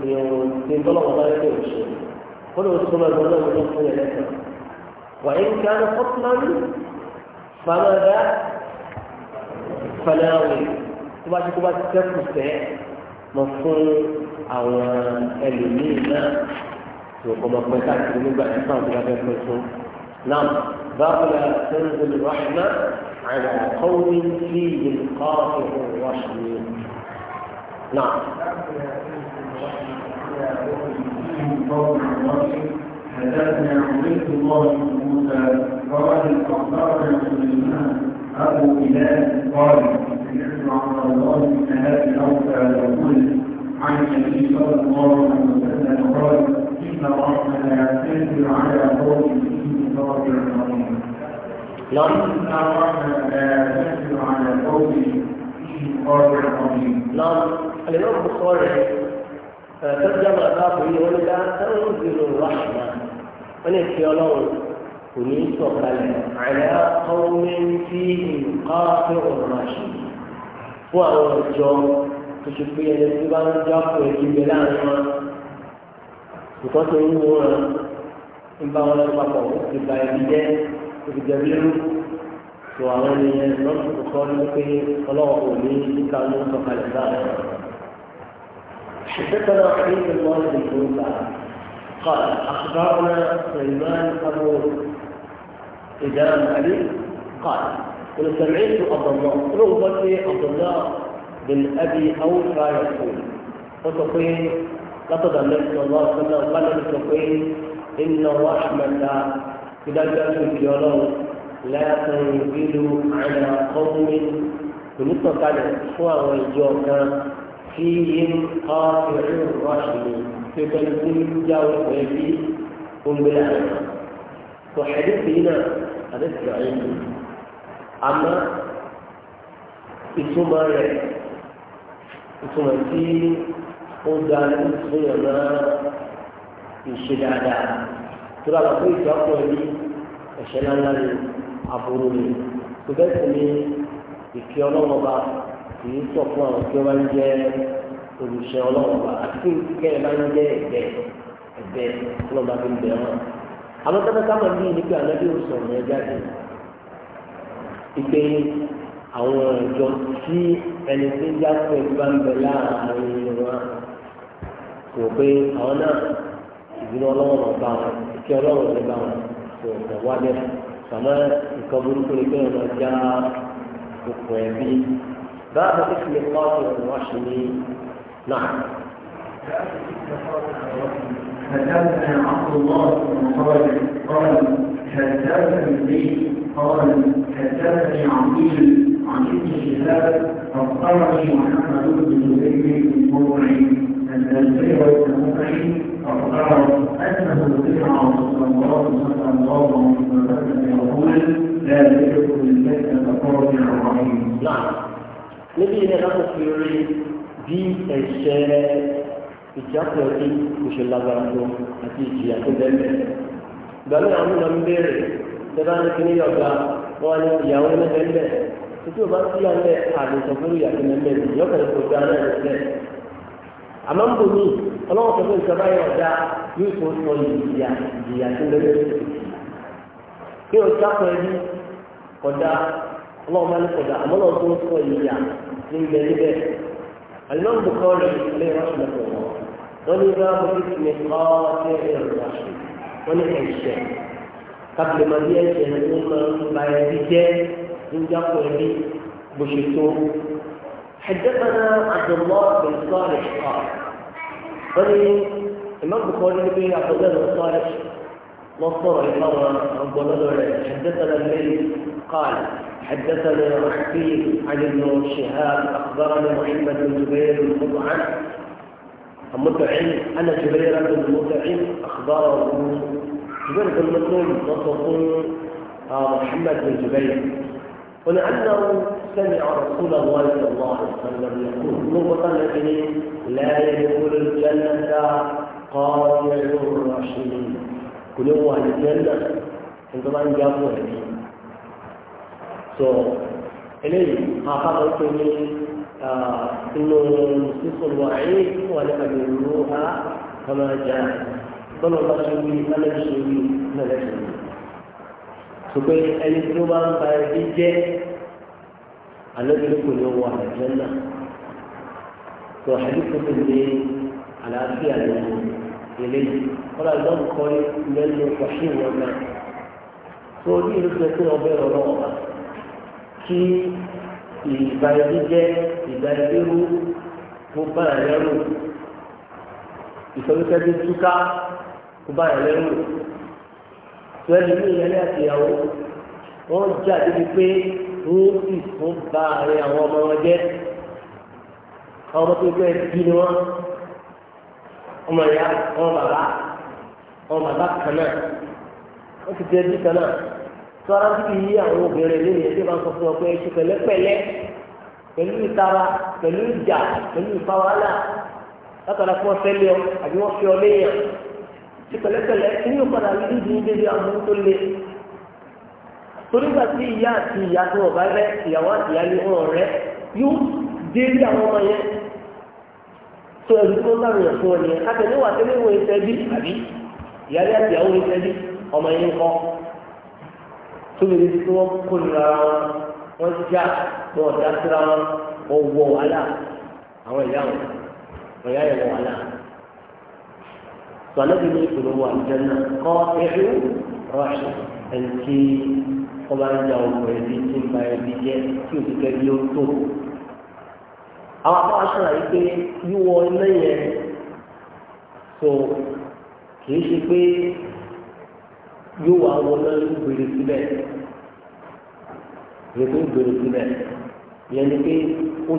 ìyẹ̀wò ti ń tọ́lọ̀ wọn lọ́wọ́ ẹgbẹ́ òṣèlú kọ́lọ́ oṣù mọ́ ẹgbẹ́ òṣèlú fún ẹ̀ lẹ́sẹ̀ wà ní kí á lọ fọ́túnmánú fàmọ́ ẹ̀dá fàlẹ́ àwẹ̀ tó bá ti kó bá ti tẹ́kù sẹ́ẹ̀ mo fún àwọn ẹlòmíì náà yòókù mo pẹ́ káàkiri nígbà tí káwọn ti bá fẹ́ pẹ́ fún náà báwọlá tẹ́lifíṣẹ́ rọ́ṣìnà àyà kọ́wé sí ìlúkọ́ ìhùn rọ́ṣìnà náà. حدثنا عبيد الله بن موسى قال اخبرنا سليمان ابو بلال قال عن النبي صلى الله عليه وسلم قال ان ربنا ينزل على قومه في صابر عظيم لن ربنا ينزل على قومه في صابر عظيم نعم الامام البخاري آه، ترجم اخاه يقول لا تنزل الرحمه من يتيالون على قوم فيهم قاطع رشيد fún àwọn ìjọ tó ṣe pé ẹni tí bá ń jápò ẹ̀kí bẹ láàrin wọn nǹkan tó ń wọ́n rán ń bá wọn ṣe papọ̀ ó ti ba ẹbí jẹ́ ó ti jẹ̀bi rú tó ti bi ènìyàn lọ́sùn tó kọ́ ní pé ọlọ́wọ́ kò ní níta ka ń sọ̀kalẹ̀ láàrin wọn. حدثنا حبيب الله بن موسى قال اخبرنا سليمان ابو إدام علي قال ولو سمعت عبد الله رغبتي عبد الله بن ابي اوفى يقول فتقول لقد النبي صلى الله عليه وسلم قال لتقول ان الرحمه اذا جاءت الجلال لا تنزل على قوم بمثل قال الإخوة والجوكا فيهم قاطع الرحم في تنزل جاوب ويبي قم بالعلم وحديث هنا حديث ضعيف àmọ́ ìtumọ̀ rẹ̀ ìtumọ̀ tí ó ga ìtumọ̀ náà ìṣe dáadáa tó dáa lọ pé ìjọpọ̀ ẹbí ẹ̀ṣẹ̀ ńláńlá ni àbúrò ni tó bẹ́ẹ̀ sì ni ìkẹ́ ọlọ́mọba kì í sọ fún àwọn tí ó bá ń jẹ́ olùṣẹ́ ọlọ́mọba àti ìkẹ́ ẹ̀ bá ń jẹ́ ẹ̀gbẹ́ ẹ̀gbẹ́ ọlọ́mọba fi ń bẹ̀ wọ́n. àwọn tẹ́tẹ́ sábà ní ìdíkẹ́ ànábì òsùn ọ̀rọ̀ ẹ̀ jáde ìpè àwọn ìjọ tí ẹni tí ń jápọ̀ ìgbà ń bẹ láàrin wọn kò pé àwọn náà ìdúró ọlọ́run ọba wọn ìkẹ́ ọlọ́run ọba wọn kò kọ̀ wá bẹ́ẹ̀ sàmọ́ nǹkan burúkú ni bẹ́ẹ̀ lọ já okùn ẹ̀bí báwo ló fi lè kọ́ ọ̀sẹ̀ wọn ṣe ní náà. حدثنا عبد الله بن خالد قال حدثني قال حدثني ابن عن ابن شهاب أخبرني محمد بن زيد بن مرعي أن الزيد بن مرعي أخبره أنه سمع صلى الله صلى الله عليه وسلم يقول لا تدخل الجنة قاطع رحيم. نعم. نبي نعم في bí ẹ̀ṣẹ̀ ìjápọ̀ ẹ̀rí kò ṣe lágbára tó àti ìjìyà tó bẹ́ẹ̀ bẹ́ẹ̀. Ìgbàlẹ́ àwọn ọmọ ń bẹ̀rẹ̀ tẹ́lá ní kíní ọ̀gá wọn ní ìyàwó ní ẹ̀ńdẹ̀ títí o bá sí ẹ̀ńdẹ̀ àlùsọ fún ìyàtọ̀ ẹ̀ńdẹ̀ yìí yọ̀kẹ́ ló kọjá náà ẹ̀ńdẹ̀ àmọ́ ń bò ní ọlọ́wọ́ sọ pé ìjọba yẹn ọ̀dà yóò tó sọ ìyà ìyà tó lẹ́yìn kí o sáfọ ẹbí kọjá ọlọ́wọ́ máa ní kọjá àmọ́ lọ́wọ́ tó sọ ìyà ní ilẹ̀ níbẹ̀ àlùmọ́ ń bò kọ́ tó. حدثنا عبد الله بن صالح قال قال الإمام البخاري بن عبد الله بن صالح نصر الإمام عبد الله حدثنا الليل قال حدثنا حكيم عن ابن شهاب أخبرنا محمد بن جبير بن مطعم مطعم جبير بن مطعم أخبره لذلك المسلم نصف محمد بن جبير ولأنه سمع رسول الله صلى الله عليه وسلم يقول نقطة الذين لا يدخل الجنة قاطع الراشدين كل هو الجنة عندما جابوا هدي so إليه آخر يقول آه، إنه مسيس الوعيد ولم يروها كما جاء bọ́lá ọba ṣe wí lálẹ́ ṣe wí lálẹ́ ṣe wí. ṣùgbọ́n ẹni tí ó bá ń ba ẹbí jẹ́ alẹ́bí kò ní wọ àjẹ́ náà. tó àdúgbò tó ní àlàáfíà lẹ́nu eléyìí kọ́lá lọ́n kọ́ lẹ́nu kọ́ṣí wọn náà. tó ní ìlú tó tó ọbẹ̀ ọ̀rọ̀ ọba kí ìgbà ẹbí jẹ́ ìgbà ẹbí rú fún báyà lẹ́rù ìsọ̀rọ̀ kó bá yẹn lẹ́rù tó ẹni ní ìyẹn ní àtìyàwó wọ́n jáde bíi pé wọ́n sì fún bá àwọn ọmọ wọn jẹ́ àwọn ọmọ tó gbé bí ni wọ́n ọmọ ìyá ọmọ bàbá ọmọ bàbá kan náà ti kan náà yí àwọn obìnrin sọ fún ọ pé ìtara ìjà látara fún ọ àbí ti pẹ̀lẹ́pẹ̀lẹ́ ní ìpadà rí ní dédé àwọn tó le torí gbà tí ìyá àti ìyá tó ọba rẹ ìyàwó àti ìyá ní wọn rẹ yóò dé rí àwọn ọmọ yẹn tó ẹrù tó bá rìn fún ọ nìyẹn káfíń ní wà tẹ́lẹ̀ wọ ẹsẹ̀ bí àbí ìyáálé àti ìyàwó ẹsẹ̀ bí ọmọ yẹn kọ́ tó lè di tí wọ́n kó nira wọn wọ́n já wọn ọ̀dá síra wọn wọ́n wọ wàhálà àwọn ìyá wọn ọ̀yá yẹn wọ wàhálà tọ́lẹ́bí ní ìpolówó àjẹ́nà kọ́ ẹ̀rú rọ́ṣì ẹni tí wọ́n bá ń ja ọkọ̀ ẹbí tí ń ba ẹbí jẹ́ tí òsì kẹ́bí ó tó. àwọn afọ aṣọra yìí pé yíwọ iná yẹn tó kìí ṣe pé yóò wá wọlé gbèrè síbẹ̀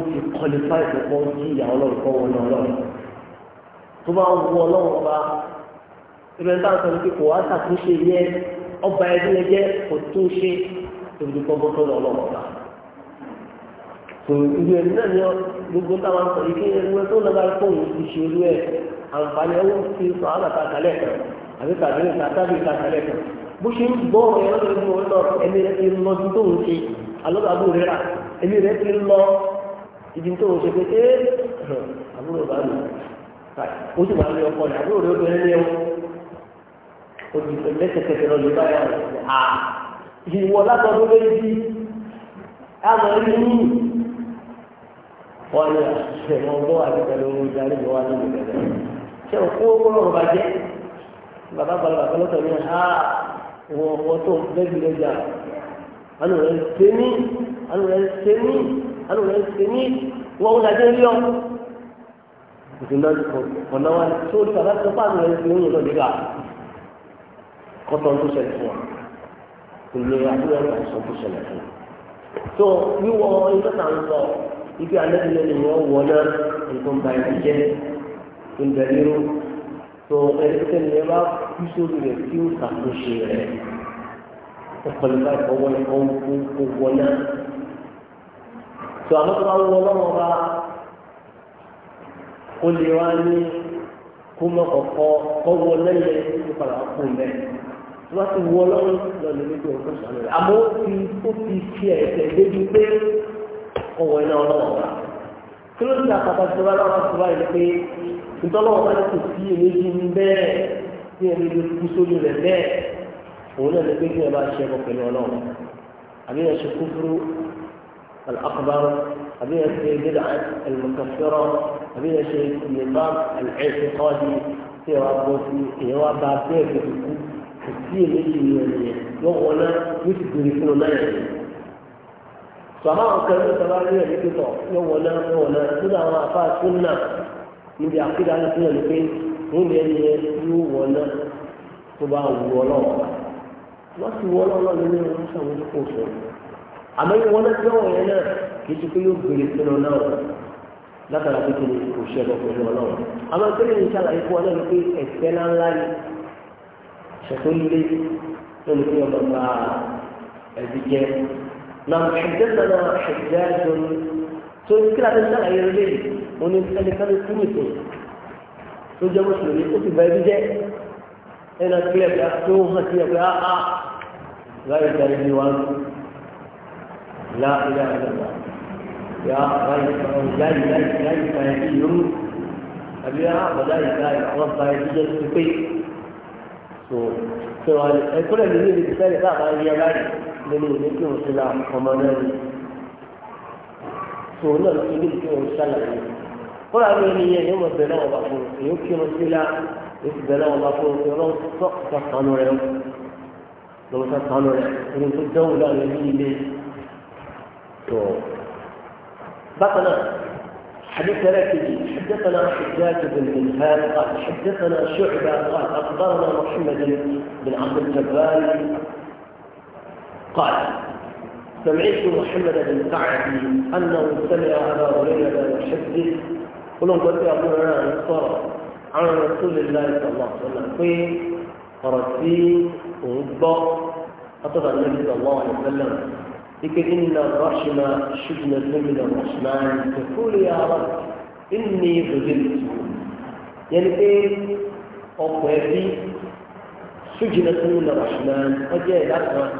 ti kọlifáì tó sí ìyá ọlọ́run kọ́ ọlọ́run tó bá wọ ọlọ́run ọba ìbẹ̀rẹ̀ táwọn sọ pé kò wá ṣàtúnṣe yẹ ọba ẹbí yẹn jẹ́ kò tún ṣe tòbí gbogbo tó lọ lọ́wọ́ bá. tò ìlú ẹ̀mí náà ni gbogbo táwọn sọ yìí kí ẹgbẹ́ tó lọ́ba fóun ti ṣe olú ẹ̀ àǹfààní ọwọ́ ti sọ àbàtà kálẹ̀ kan àbí tàbí tàbí kálẹ̀ kan bó ṣe ń gbọ́ ọ̀rọ̀ ẹ̀rọ lórí wọn lọ ẹ̀mí rẹ̀ ti lọ ju tóun ṣe alọ́dọ̀ àbúrò rẹ̀ rà ẹ̀mí rẹ̀ ti lọ ibi tóun ṣe pé ẹ́ àbúrò bá lò ọkọ rẹ̀ àbúrò rẹ̀ obìnrin ni olùkọ́ lẹ́sẹ̀kẹsẹ̀ lọ lóba yà rẹ̀ à ìwọ látọ̀dún méjì àmọ́ ẹni ní wọ́n yà sẹ̀wọ̀n bọ́ àtẹ̀tẹ̀lẹ̀ owó ìdarí ìwọ́ àti ìgbẹ̀rẹ̀ sẹ̀wọ̀n kó kọ́lọ́ ọ̀rọ̀ bàjẹ́ bàbá balùwà kọ́lọ́ tọ̀ ní à wọ́n wọ́n tó lẹ́bi lẹ́jà àlù rẹ̀ sẹ́ni àlù rẹ̀ sẹ́ni àlù rẹ̀ sẹ́ni wọ́n ń dajẹ́ rí ọ ìdùnnà ọ̀nà wa tó bàbá tó pàmò rẹ̀ sẹ́ni lọ́dẹ̀ kọ́tọ́ tó ṣẹlẹ̀ fún wa kò lè àdúrà ìgbà sọ tó ṣẹlẹ̀ fún wa. tó wíwọ ilé náà ń sọ ibi alẹ́ ilé ni wọ́n wọ náà nǹkan ba ẹni jẹ́ ìgbẹ̀lérò tó ẹni tó tẹ̀lé bá kú sórí rẹ̀ tí ó ṣàkóso rẹ̀ ọ̀pọ̀lọpọ̀ ìfọwọ́ ìfọwọ́ wọ náà. tó àwọn tó bá wọ lọ́wọ́ bá ó lè wá ní kó mọ̀ kọ̀ọ̀kọ́ kọ́wọ́ lẹ́yìn ìpàdà kù mẹ́rin. láti ti wọ ọlọ́run lọ́nà méjì òkú sọ̀rọ̀ àmọ́ ó ti ó ti fi ẹ̀sẹ̀ débi pé ọwọ́ iná ọlọ́run wa kí ló ti àpàtà tó wá láwọn tó wá yìí pé ìtọ́lọ́wọ́ bá ti fi èméjì ń bẹ́ẹ̀ tí ẹni lè kú sórí rẹ̀ bẹ́ẹ̀ òun náà lè pé kí ẹ bá ṣe ẹkọ pẹ̀lú ọlọ́wọ́ àbí ẹ ṣe kúfúrú الأخبار أبي أشي بدعة المكفرة أبي أشي نظام الاعتقادي في ربوتي في ربوتي في الكوفة kò sí èméjì ní ẹni yẹn wọ́n wọ́n náà yóò ti gbèrè fún un náà yẹn. sọ̀rọ̀ àwọn ní sábà ní ẹ̀mí pípọ̀ wọ́n wọ́n náà wọ́n wọ́n náà nínú àwọn àfa àtúnà níbi ya ní sílẹ̀ ní pé wọ́n ní ẹni yẹn yóò na náà tó bá wù ọ́ lọ́wọ́ wọ́n ti nínú náà tí yẹn náà kì í pé yóò gbèrè náà pé kí ni kò شكل يمكن مع الرجال نعم حدثنا حجاج تذكر هذا الشرع يرجل ونسأل كان الكنيسة سجى مسلم يقول بابجة هنا كلاب أكتوها كلاب آآ غير ذلك الوان لا إله إلا الله يا غير لا إله إلا الله أبيها ولا إله إلا الله بابجة سبيل tó tó wọn ẹ̀kọ́ rẹ̀ nílé ibi sẹ́yìn tá a máa ń yẹ báyìí lẹ́nu ìlú ọmọ náà ni tó náà ti ní ìdí òun ṣàlàyé kóra mi ni yẹn yóò mọ bẹ̀rẹ̀ wọn bá fún un èyí ó kí wọn sí la èyí ti bẹ̀rẹ̀ wọn bá fún un yọrọ tó sàkánú rẹ lọ́wọ́ sàkánú rẹ èyí tó dánwò láwọn ilé tó bákan náà. حدثنا كذي حدثنا حجاج بن منهال قال حدثنا شعبة قال أخبرنا محمد بن عبد الجبار قال سمعت محمد بن سعد أنه سمع أبا هريرة يحدث كلهم قلت أبو هريرة عن رسول الله صلى الله عليه وسلم في فرسي وربا أتبع النبي صلى الله عليه وسلم لكن إن الرحمة شبنة من الرحمن تقول يا رب إني بذلت يعني إيه أقوى سجنة من الرحمن وجاء لك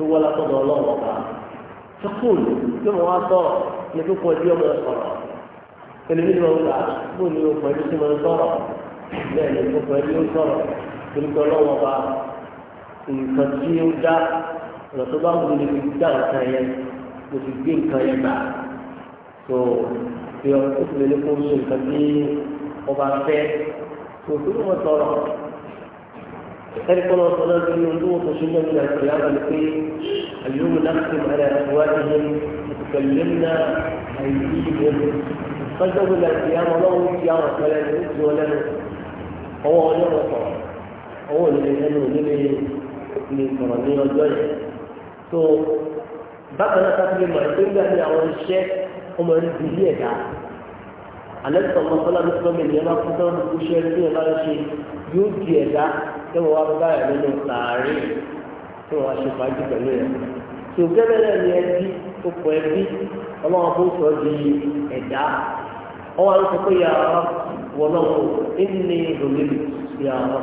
هو لا تضع الله وضع تقول يوم عصر نبيك واليوم يصرى فالمين ما وضع تقول يوم ما يسمى يصرى لا نبيك واليوم يصرى تلك الله وضع إن تسير ọ̀nà tó bá wù ní fi dá nǹkan yẹn mo fi gbé nǹkan yẹn gbà tó fi ọkọ tó lè kó ṣe nǹkan bí ọba fẹ́ tó tó ló mọ̀ sọ̀rọ̀ ẹ̀rí kọ́nà sọ̀rọ̀ sí ohun tó wọ́n tó ṣe náà nígbà tó yára ni pé àyùmù náà ti mọ̀ ẹ̀rẹ́ ìwádìí yẹn ìtùkẹ̀lẹ́ náà àìsí yẹn lọ́jọ́ gbogbo àti àwọn ọlọ́run ti àwọn ìpẹ́lẹ́ ní oṣù ọlẹ́nu ọwọ́ ọlọ́run sọ̀rọ̀ ọwọ́ òní lè lẹ́nu òní lè sọ̀rọ̀ ní ọjọ́ yẹn. tó bákan náà sábà máa ń gbégbá ní àwọn iṣẹ́ ọmọ rẹ̀ di ilé ẹ̀dá alẹ́sọ̀ ọmọ fọlá ní sọ́mi ní ẹ̀ma fún sọ́mi kú iṣẹ́ tí ẹ̀ma ń ṣe yóò di ẹ̀dá tí wọ́n wá bá ẹ̀ nínú sàárè tí wọ́n wá ṣe fàájì pẹ̀lú ẹ̀ tó gẹ́gẹ́ náà ni ẹbí tó pọ̀ ẹbí ọlọ́wọ́n fún sọ di ẹ̀dá ọwọ́ àwọn sọ pé yàrá wọ náà kò ní ní ìdòlè yàrá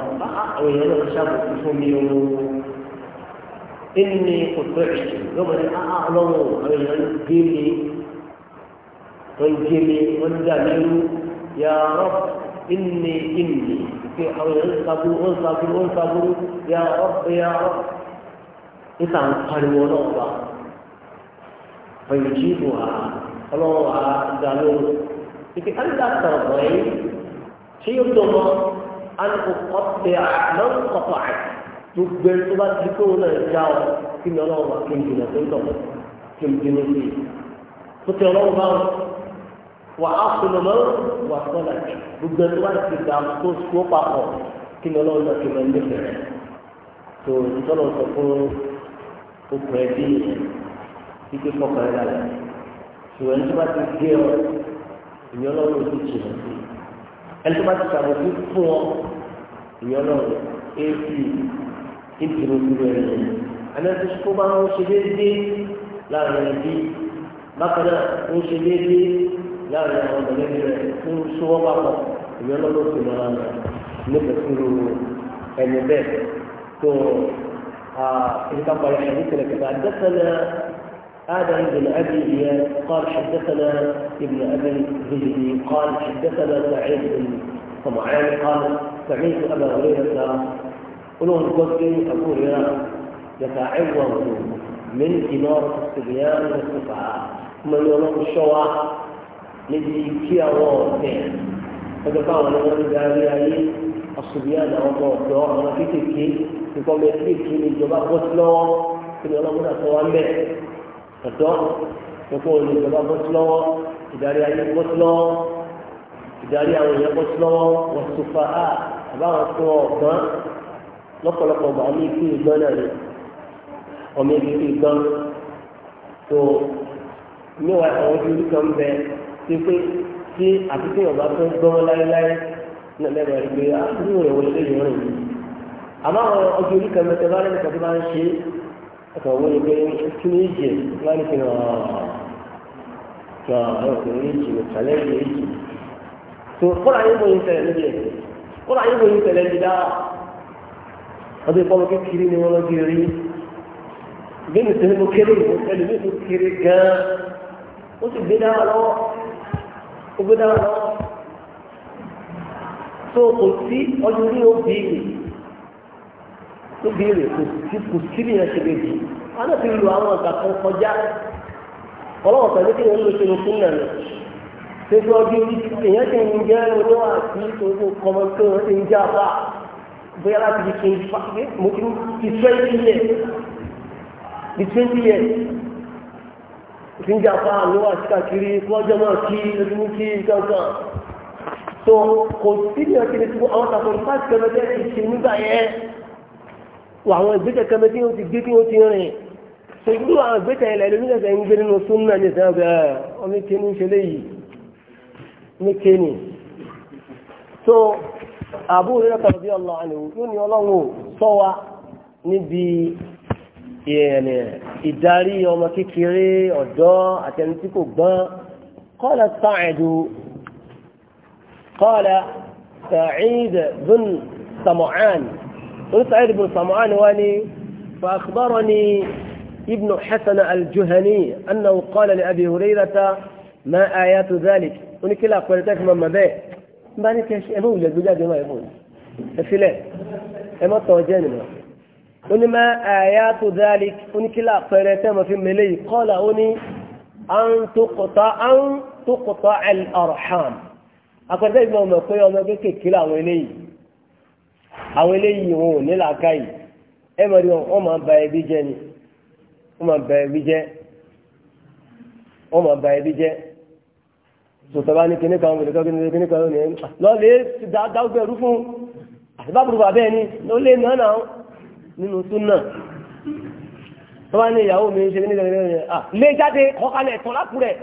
àwọn èèyàn náà ṣàbùkù fún mi ooo ẹni òtún ẹ̀jẹ̀ lọ́mọ ní ọlọ́wọ́ àwọn èèyàn ń gé mi wọ́n gé mi wọ́n dà mí lú yàrá ẹni ẹni pé àwọn èèyàn ń sagbó wọ́n sagbó wọ́n sagbó yàrá yàrá níta gbogbo ẹni tó bá ti kó wọn náà já ọ kí ni ọlọ́run bá kéwì jìnnà tó ń tọ̀ kí ni jìnnà sí i tó tẹ ọlọ́run bá wọn wà á sọlọ mọ́ wà sọlá gbogbo ẹni tó bá ti dà tó sọ papọ̀ kí ni ọlọ́run náà kéwì ẹni bẹ̀rẹ̀ tó ìtọ́nà sọ fún okùn ẹbí kíkẹ́ fọkàn ẹ̀ lálẹ́ ṣùgbọ́n ẹni tó bá ti gé ọ ìyẹn ọlọ́run ti jìnnà sí i ẹni tó bá ti sàbòsí fún ọ ìyẹn ọlọ́run èsì تبدو بالله أنا تشكوبا وشبيتي لا يعني ما قد وشبيتي لا يعني شو بابا يلا بس ما نبتسم أي بيت تو ااا آه، إذا بقى يحدث لك بعد آدم بن أبي إياد قال حدثنا ابن أبي زيدي قال حدثنا سعيد بن طمعان قال سمعت أبا هريرة olóhùn gbọ́ pé àbúrò rírà yàtà ẹ̀wọ̀ ọ̀hún mẹ́rin ìná ìgbéyà lọ́sọ̀fà mẹ́rin ọlọ́run ṣọ́wá níbi kí àwọn ọ̀tẹ̀ ọjọ́ báwọn ni wọ́n ń darí ayé ọ̀ṣùgbéyà làwọn ọmọ ọ̀dọ́ àwọn kéékèèké nǹkan mẹ́rin kí ni ìjọba bọ́ sí lọ́wọ́ kí ni ọlọ́run àtọwá ń bẹ̀ ọ̀dọ́ nǹkan òní ìjọba bọ́ sí lọ́wọ́ ìdarí ayé bọ́ sí lọ́wọ́ ìdarí àwọn èèyàn bọ́ sí lọ́wọ́ wọ́n ṣùfà á àbáwọn fún ọ̀gbọ́n lọ́pọ̀lọpọ̀ gbà ní ikú ìgbọ́n náà ni ọmọ ikú ìgbọ́n tó níwáyé àwọn ojú kan ń bẹ tí pé tí àtúntò yọ̀bá tó ń gbọ́n láéláé náà lẹ́nu ẹ̀ gbé àtúntò rẹ̀ wọlé lẹ́yìn rẹ̀ yìí àmọ́ àwọn ọjọ́ orí kan mẹ́tẹ́ bá lẹ́nu kan tó bá ń ṣe ọkọ̀ owó ni pé kí ni ìjì wá ní fi hàn án ìjì ní ìjì tó kọ́ra yín bóyin yín tẹ̀lé ọdún ìpọ́nmọ kékeré ni wọ́n lọ́jọ́ rí bí mi tẹ́lẹ̀ mo kéré ìwọ tẹ́lẹ̀ mi tó kéré gan-an ó sì gbé dáwà lọ́wọ́ ó gbé dáwà lọ́wọ́ tó kò sí ọdún orí ó bèèrè ó bèèrè kò sí kò sí ní ẹsẹ̀ bèbí wọn náà ti lu àwọn ọ̀gá kan kọjá ọlọ́wọ́ pẹ̀lú kí wọ́n lọ ṣe lókun náà lọ ṣé bí ọdún orí èèyàn ti ń jẹ́ oníwà àti ìṣòro kọ́mọ́tò ń jà fáà bóyá láti di kí n fa mo ti ti twenty years di twenty years ti ń jàpá ló wà sí kàkiri lọ́jọ́ náà kí ẹdínwó kí kankan so kò sí ní ọtí ní tukú àwọn kàkọ́ nípa ti kẹmẹtẹ ti ṣe nígbà yẹn wà àwọn ìgbésẹ̀ kẹmẹtẹ yóò ti gbé kí yóò ti rìn so ìlú àwọn ìgbésẹ̀ yẹn lẹ́nu nígbà yẹn ń gbé nínú súnmọ́ ní ìsẹ́yìn ọgbẹ́ ọmọ ìkéni ń ṣe léyìí ní kéni so àbú òrìrẹ́ kan bí ọlọ́run àlè òkú ni ọlọ́run ò sọ wa níbi ìdarí ọmọ kékeré ọ̀dọ́ àtẹni tí kò gbọ́n kọ́lá sáàdù kọ́lá سعيد بن سمعان سعيد بن سمعان واني فأخبرني ابن حسن الجهني أنه قال لأبي هريرة ما آيات ذلك ونكلا قلتك من مبيه n bá ní kí ẹ bá wùlẹ̀ gbéjáde náà ẹ bò ní ẹ filẹ̀ ẹ má tọ̀ jẹ́ nìyẹn ó ní má àyà tó dáálí ó ní kílà pẹrẹ tẹ́ mo fi mele yìí kọ́là ó ní à ń tó kọ̀tọ̀ à arham akọ̀tẹ́ ìgbà ọmọ pé ọmọ kékeré àwọn eléyìí àwọn eléyìí wọn ò ní làákàyè ẹ mọ̀ ní wọn máa ba ẹbí jẹ ni wọn máa ba ẹbí jẹ wọn máa ba ẹbí jẹ sọ̀tọ̀bá ní kíní kan òmìnira kíní kíní kan ní lọ́lẹ̀ dáúgbẹ̀rú fún àtibábùrù bàbẹ́ ẹni lọ́lẹ̀ náà nínú súnà tó bá ní ìyàwó mi ṣe nígbà nígbà nígbà ah lé jáde ọkàlẹ̀ tán lápúrẹ̀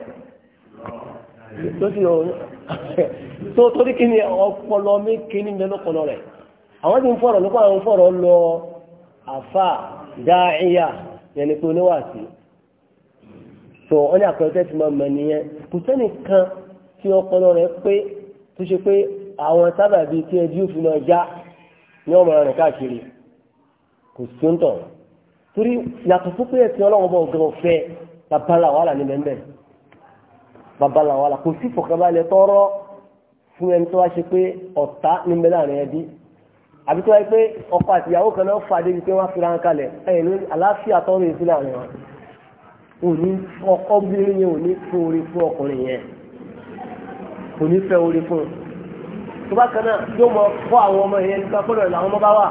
lóṣù [LAUGHS] tó torí kíní ọpọlọ mi kíní bẹ lọpọlọ rẹ àwọn tí ń fọ̀rọ̀ lọ́pọ̀ àwọn fọ̀rọ̀ lọ àfà dáìyà yẹn ni pé oníwàásí tó wọn ní àpẹẹrẹ tẹ́tí máa mọ nìyẹn kò sẹ́nìkan tí ọpọlọ rẹ̀ pé tó ṣe pé àwọn sábàbí tí ẹbí ò fi lọ já ní ọmọ rẹ̀ káàkiri kò sí ń tàn torí yàtọ̀ fún pé ẹ̀sìn ọlọ́run bọ̀ gan fẹ́ babalà wàhálà ní bẹ́ẹ̀ babalà wàhálà kò sí fọkànbalẹ̀ tọrọ fún ẹni tó wá ṣe pé ọ̀tá ní bẹ́ẹ̀ láàrin ẹbí àbí tó wáyé pé ọkọ àti ìyàwó kan náà fà débi pé wọ́n fi ran kalẹ̀ ẹ̀yìn ní tọrọ èsì láàrin wọn òní ọkọ bírin yẹn òní fún orí fún ọkùnrin yẹn kò ní fẹ́ orí fún un tó bá kan náà yóò mọ fọ́ àwọn ọmọ yẹn nípa fọ́dọ̀ làwọn ọmọ bá wà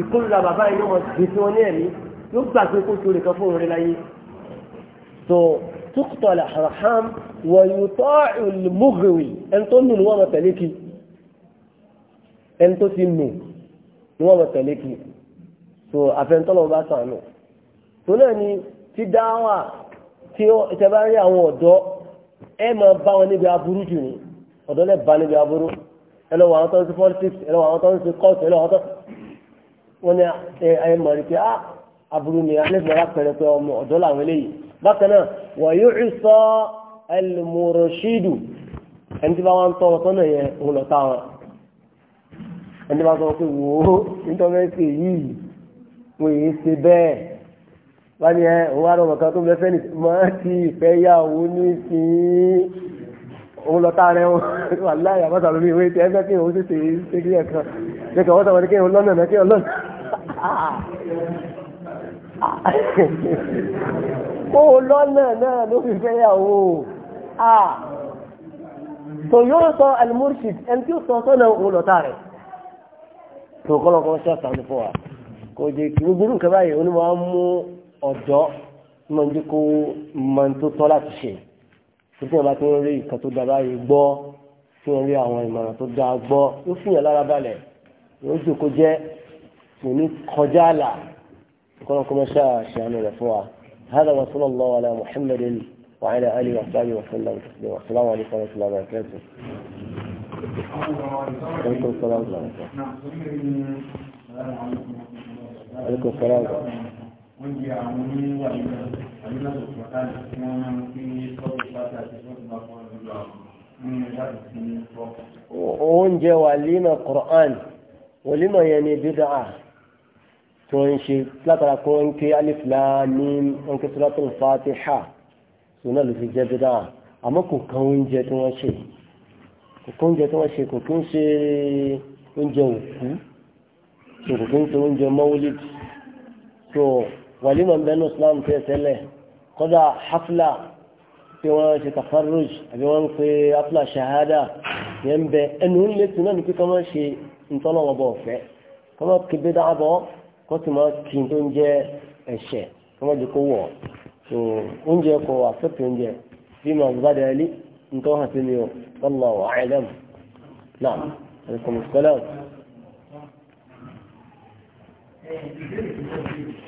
ìkórìíra bàbá yẹn yóò mọ gbèsè wọn ní ẹ̀mí yóò gbà pé kó sórí kan fún òun rí láyé tó tukutọ̀ àràhàm wọ̀nyútọ́ ìlúmùgìrì ẹni tó nù ní wọ́n mọ kí ẹni tó ti nù ní wọ́n mọ kí so àfẹnutọ́lọ́ bá sànù tó náà ni ti dáwà tí ìtẹ́bá rí àwọn ọ̀dọ́ ẹ máa bá wọn níbi aburú jù ní ọ̀dọ́ lẹ́ bá níbi aburú ẹ lọ́wọ́ àwọn tó ń ṣe politics ẹ lọ́wọ́ àwọn tó ń ṣe court ẹ lọ́wọ́ tó wọ́n ní ẹ mọ̀ rí pé á ah, aburú ni alẹ́bùnrin alápẹ̀rẹ̀ pé ọmọ ọ̀dọ́ làwọn eléyìí bákan náà wọ́n yóò rí sọ ẹlmùrọ̀ṣídù ẹni tí bá wọn tọrọ tọ́nà yẹn òun lọ táwọn ẹni tí bá sọ pé wò ó nítorí pé yìí wọ́n yìí ṣe bẹ́ẹ̀ wá ní ẹ òun wá rọmọ kan tó mẹfẹ ní máa ti ìfẹ́ yá òun ní sí òun lọ táàrẹ wọn wà láyé àbáta lórí ìwé tí ẹ fẹ́ kí òun tètè ṣe kí ẹ̀kan ṣe kí ọwọ́ sọ wọn ni kí òun lọ́nà náà kí òun lọ́nà [LAUGHS] kó o lọ́nà náà ló fi fẹ́ yà wò ó tó yóò sọ al-murshid ẹni tí ó sọ sọ́nà òun lọ́ta rẹ̀ tó kọ́lọ́kọ́ ṣe àtàwọn fún wa kò jẹ́ kí gbogbo nǹkan báyìí onímọ̀ á mú ọ̀dọ́ máa ń jẹ́ kó máa ń tó tọ́ láti ṣe títí wọn bá ti ń rí nǹkan tó dára yìí gbọ́ tí wọ́n rí àwọn ìmọ̀ràn tó dáa gbọ́ ó fìyàn lára balẹ̀ yóò jòkó jẹ́ kò ní kọjá àlà kọ́nà kọ́mọ́ ṣàṣàánú rẹ̀ fún wa hàdà wa sọ́nà lọ́wọ́ alẹ́ muhammed وعلى آله وصحبه وسلم تسليما والسلام عليكم ورحمة الله وبركاته. عليكم السلام ورحمة الله وبركاته. عليكم السلام ورحمة الله wọ́n di àwọn oníwà yìí náà àbí náà sọ̀tún ọ̀tá ní máa ń fi sọ́ọ̀tù pátá àti sọ́ọ̀tù bá fọ́ ọ̀dọ́ àwọn nínú ìyáàdù sí ní fọ́. oúnjẹ wàlímà Qur'an wàlímà yẹn ni bídàá tó ń ṣe látara kó ń ké alif lamim ń ké suratul fatiha sùnà ló fi jẹ́ bídàá àmọ́ kò kan oúnjẹ tí wọ́n ṣe kò kan oúnjẹ tí wọ́n ṣe kò kí ń ṣe oúnjẹ òkú kò kí ń ṣe oúnjẹ mọ́wúlìdì tó wàlímọ̀ ń bẹnu islam tẹ́ tẹ́lẹ̀ kọ́dà hafla pé wọ́n ṣe tafarruj àbí wọ́n ń pe hafla shahada yẹn bẹ ẹnu ń létí náà ní pé kọ́mọ́ ṣe ntọ́nà wọn bọ̀ ọ̀fẹ́ kọ́mọ́ kébé dáàbọ̀ kó sì máa kí n tó ń jẹ ẹ̀ṣẹ̀ kọ́mọ́ jẹ kó wọ̀ oúnjẹ kọ̀ wà oúnjẹ bí màá bá dẹ̀ lé ntọ́ hàn sí mi o wallahu a'lam náà alaikum assalam. Thank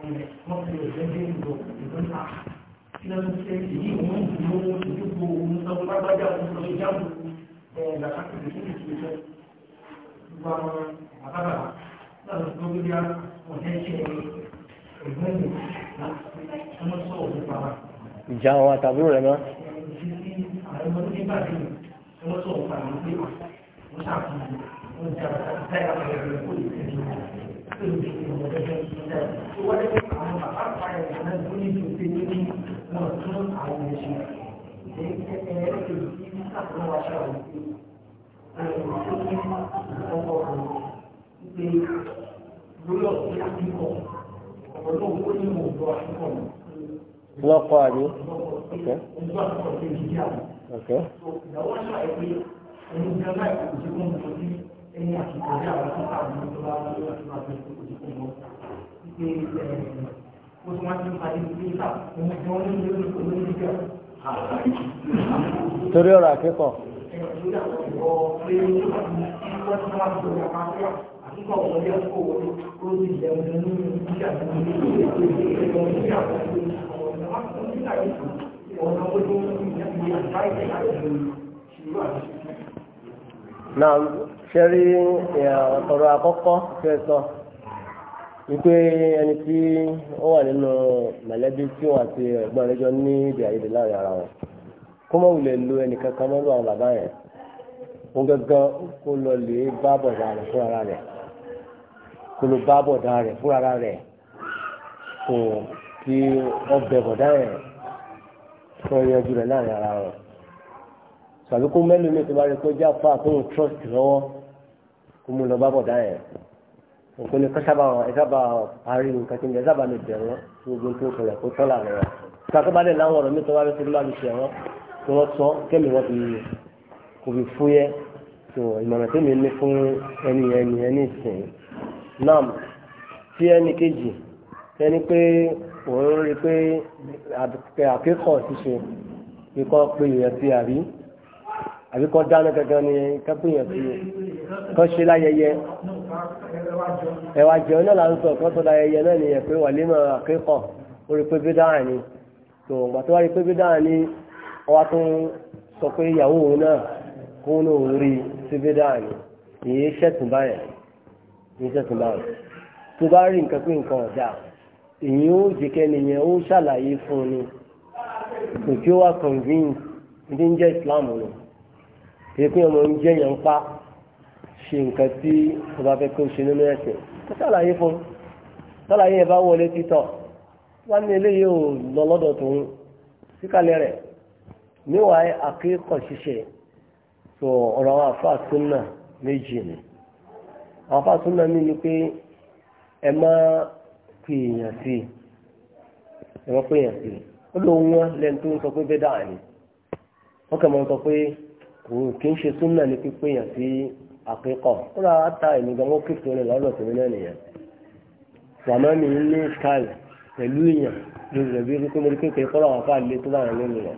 wọ́n fi àwọn àtàbúrò rẹ̀ mọ́ lọ́kọ́ àbí ọ̀kẹ́ ọ̀kẹ́ ẹni àtúntò ní àwọn tó kàwé ní tó bá wọ́n tó bá tó kó tó wọn. Wípé mo tún wá sí ìpàdé ìdílé ìta òun jọ ní ìlú olóyún ìjọ. Torí ọ̀rọ̀ àkẹ́kọ̀ọ́. Now, ṣẹ́rí ọ̀rọ̀ àkọ́kọ́ fẹ́ sọ wípé ẹni tí ó wà nínú mọ̀lẹ́bí tí wọ́n àti ẹ̀gbọ́n rẹ̀ jọ ní èdè àìyedè láàrin ara wọn kó mọ̀ wulẹ̀ lo ẹnìkan kan mọ́lú àwọn bàbá yẹn wọ́n gángan kó lọ lè bá bọ̀dá rẹ̀ fún ara rẹ̀ kó lọ bá bọ̀dá rẹ̀ fún ara rẹ̀ kò kí ọbẹ̀ bọ̀dá yẹn kó yanjú rẹ̀ láàrin ara wọn tàbí kó mẹ́lòmíì tó bá rí kó jáfa tó ń trọ́st lọ́wọ́ ó mú lọ bá bọ̀dá yẹn òkú ni kásábà ẹ̀sábà parí nǹkan tí ń bẹ ẹ̀sábà mi bẹ̀ wọ́n tí ogun tó kọlẹ̀ kó tọ́lá rẹ̀ wọ́n. kàkébà dẹ̀ láwọn ọ̀rọ̀ mi tó wá lọ sí ló bá mi ṣẹ̀ wọ́n tí wọ́n sọ kẹ́mi wọ́n fi kò fi fúyẹ́ tó ìmọ̀ràn tó mi ní fún ẹni ẹni ẹni ìsìn náà tí ẹni kejì ẹni pé òun rí pé àkẹ́kọ̀ọ́ ti ṣe kíkọ́ pé ìrẹsì àrí àbí kọ́ dáná gangan ni kápẹ́yàn sí i kọ́ ṣe láyẹyẹ ẹ̀wà jẹun náà láti sọ kọ́ tó láyẹyẹ náà ni ẹ̀pẹ́ wà lé mọ́ akẹ́kọ̀ọ́ ó rí pé bí dáhà ni tó ìgbà tó wá rí pé bí dáhà ni ọwá tó ń sọ pé ìyàwó òun náà kó ń lòun rí sí bí dáhà ni ìyé ṣẹ̀tún báyẹn ìyé ṣẹ̀tún báyẹn tó bá rí nǹkan pé nǹkan ọ̀dà èyí ó jẹ́kẹ́ nìyẹn ó ṣàlàyé fún ni kò tí ó wà convince ní Islam nù. èyí ọmọ ń jẹ́ yàn pa ṣe nǹkan tí o bá fẹ́ kó ṣe nínú ẹ̀sìn kó sàlàyé fún un sàlàyé ẹ̀ bá wọlé títọ̀ wá ní eléyìí ò lọ lọ́dọ̀ síkàlẹ̀ rẹ̀ akẹ́kọ̀ọ́ ṣiṣẹ́ tó ọ̀rọ̀ àwọn súnà méjì ni àwọn súnà mi ni pé ẹ má pè èèyàn sí i ẹ má pè èèyàn sí i ó lóun wọn lẹ́nu tó ń sọ pé bẹ́ẹ̀ kì í ṣe súnà ní pípé yàn sí àkíkọ̀ kódà ata ènìyàn wọn kékeré rẹ̀ lọ́dọ̀ tèmi náà nìyẹn wàmọ mi ní skype pẹ̀lú èèyàn lórí rẹ̀ bí wípé mo rí kékeré kódà wọn fà lé tó bá wọn lórí rẹ̀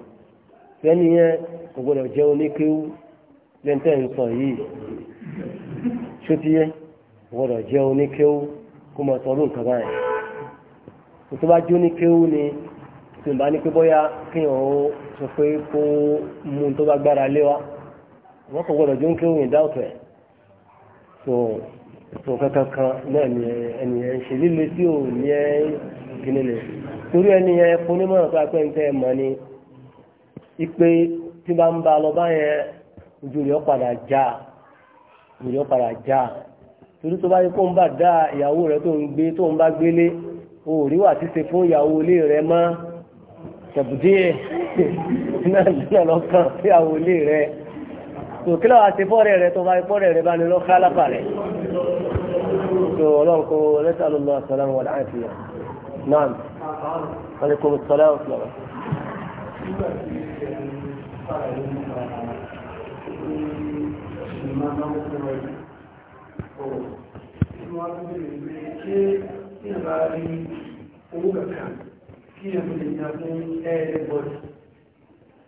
fẹ́ni yẹn kò gbọdọ̀ jẹ́ oníkéwú lẹ́ńtẹ́ ń sọ yìí ṣótiyẹ́ kò gbọdọ̀ jẹ́ oníkéwú kó mọ̀ sọ́dún kan báyìí tó bá jó oníkéwú ni tìǹbà ní pé bóyá kéèyàn ó sọ pé kó mú un tó bá gbára lé wa wọ́n kò gbọ́dọ̀ jó ń kéwòn ìdáwọ̀tọ̀ ẹ̀ tó tó kankan náà ni ẹni ẹ ń ṣe líle tí ò ní ẹ gínílẹ̀ torí ẹni ẹ fonímọ̀ pé apẹ́ntẹ́ mọ̀ ni ipe tí bá ń ba lọ báyẹn ojú rẹ̀ padà já ojú rẹ̀ padà já torí tó bá yẹ kó ń bá dá ìyàwó rẹ̀ tó ń gbé tó ń bá gbélé o ò rí wà tí fún ìyàwó ilé rẹ̀ mọ́ ṣẹ̀bùdíẹ̀ [LAUGHS] náà lọ́kàn ìyàwó ilé rẹ̀ tó kí lọ́wọ́ àti fọ́ọ̀rẹ́ rẹ tó bá rí fọ́ọ̀rẹ́ rẹ bá ní lọ ká lápá rẹ tó ọlọ́run kó lẹ́tà ló lọ sọ́lá náà wọlé kó sọ́lá Kí ẹ máa rí owó ẹ̀ẹ́dẹ́gbọ́dì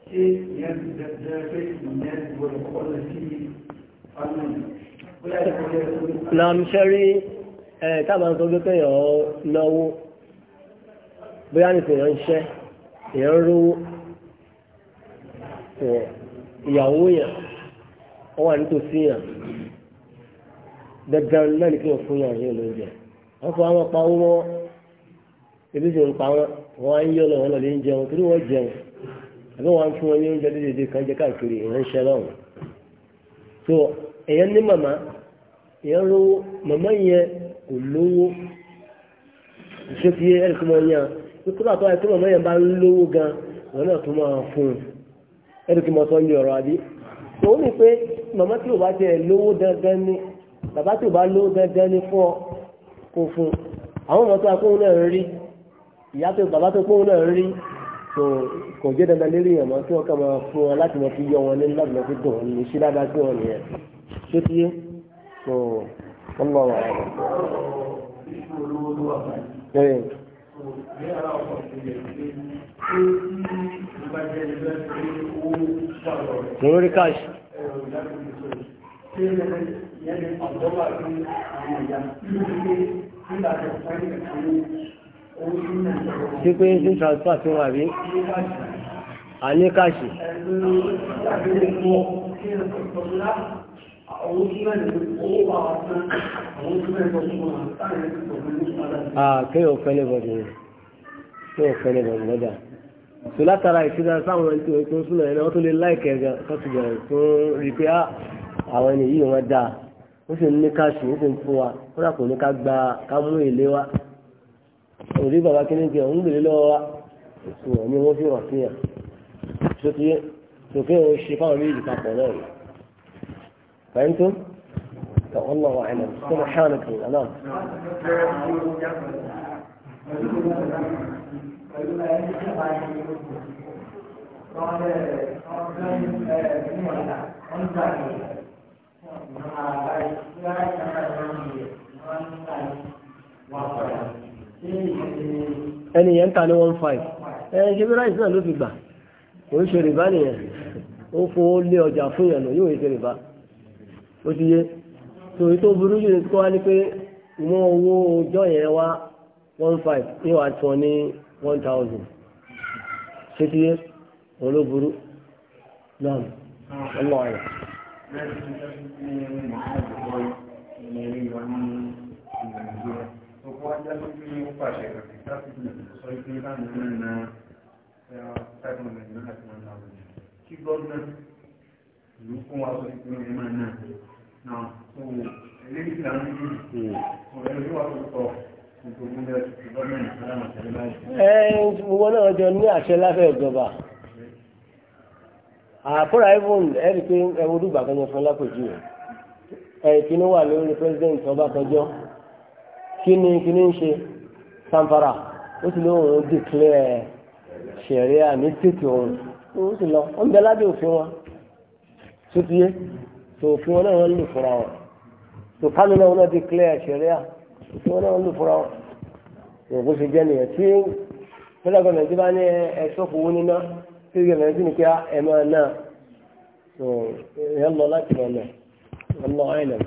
ṣé ìyẹn ti pé ìyẹn ti gbọdọ̀ sí fámìlì bóyá ìkọ́jẹ́ tó. èèyàn ń ṣẹ́ èèyàn wọ́n wà nítòsí yẹn dandan náà ni kí wọ́n fún yàrá yẹn lóúnjẹ wọ́n fọ àwọn pa owó wọn ebi ń pa wọn wọ́n á ń yọ lọ wọn ń jẹun torí wọ́n jẹun. àbí wọn fún wọn ní oúnjẹ déédéé kan jẹ káàkiri ìránṣẹ́ lọ́wọ́ so èèyàn so màmá èèyàn mama màmá yẹn kò lówó ìṣe ti yé ẹ̀rí kí wọ́n yàn kíkó ba gan wọn náà tún máa fún un ẹ̀rí kí wọ́n sọ ní ọ̀rọ̀ ni dandan ni dandan ni so kò jẹ́ dandan lérí yẹn mọ́ tí fún wọn láti máa fi yọ wọn lẹ́nu láti máa fi dùn wọn ní iṣẹ́ dáadáa sí wọn nìyẹn tó ti yé so wọ́n lọ wà. lórí cash sí pé ní transfer tí wọ́n àbí àníkàṣì Àkẹ́ òfẹ́lẹ̀ bọ̀dì rẹ̀, tí òfẹ́lẹ̀ bọ̀dì lọ́dà. Tò látara ìṣúdá sáwọn ẹni tí ó tó súnà ẹni wọ́n tó lè láìkẹ́ ẹ̀gá kọ́tù bẹ̀rẹ̀ fún rí pé ah, àwọn ẹni yìí wọ́n dáa. Ó sì ní ká ṣe, ó sì ń fún wa, kódà kò ní ká gba ká mú èlé ودي بقى كده كده عند اللي هو اسمه مين هو في رفيع شتي شوفي الشفاء مين اللي تعبوا ناوي فهمتم؟ والله اعلم سبحانك يا الله قال قال قال ẹni yẹn ń ta ní one five ẹ ṣe bí ráìsì náà ló fi gbà kò ń ṣe rìbá nìyẹn ó fowó lé ọjà fún ìyànà yóò ṣe rìbá ó ti yé so ètò burú jù ní kó wá pé mú owó ọjọ́ yẹn wá one five ní wàá tún ní one thousand ṣé ti yé òun ló burú náà ọlọ́ọ̀yà. Thank you ó wá jẹ́ pé ó pàṣẹ kàkì láti fi sọ pé láàrin náà na five hundred naira àti one thousand kí gọ́ọ̀nà ìlú fún wa sọ pé ẹ máa náà náà tó eléyìí là ń rí kò ẹni wà tó sọ Wọ́n náà jọ ní àṣẹ láfẹ́ ìjọba. Àkúrà Ivon ẹ̀rí pé ẹwọ́dúgbà kan jọ fún lápòjú ẹ̀. Ẹ̀kí ní wà lórí pẹ́sidẹ̀ntì ọba kan Kini kini ń ṣe sanfara ó sì lóun ó dìklẹ́ ṣẹ̀ríà ní tètè òun ó sì lọ ó ń bẹ lábẹ́ òfin wọn tó ti yé tó òfin wọn náà wọ́n lò fúnra wọn tó kánú náà wọ́n náà dìklẹ́ ṣẹ̀ríà òfin wọn náà wọ́n lò fúnra wọn òkú ṣe jẹ́ nìyẹn tí pẹ́lẹ́gbẹ́ nàìjíríà bá ní ẹ̀ṣọ́kù owó níná tí ìgbẹ́ nàìjíríà ní kí ẹ máa náà ẹ̀yẹ́ lọ láti lọ náà ọlọ́ àìlẹ̀mù.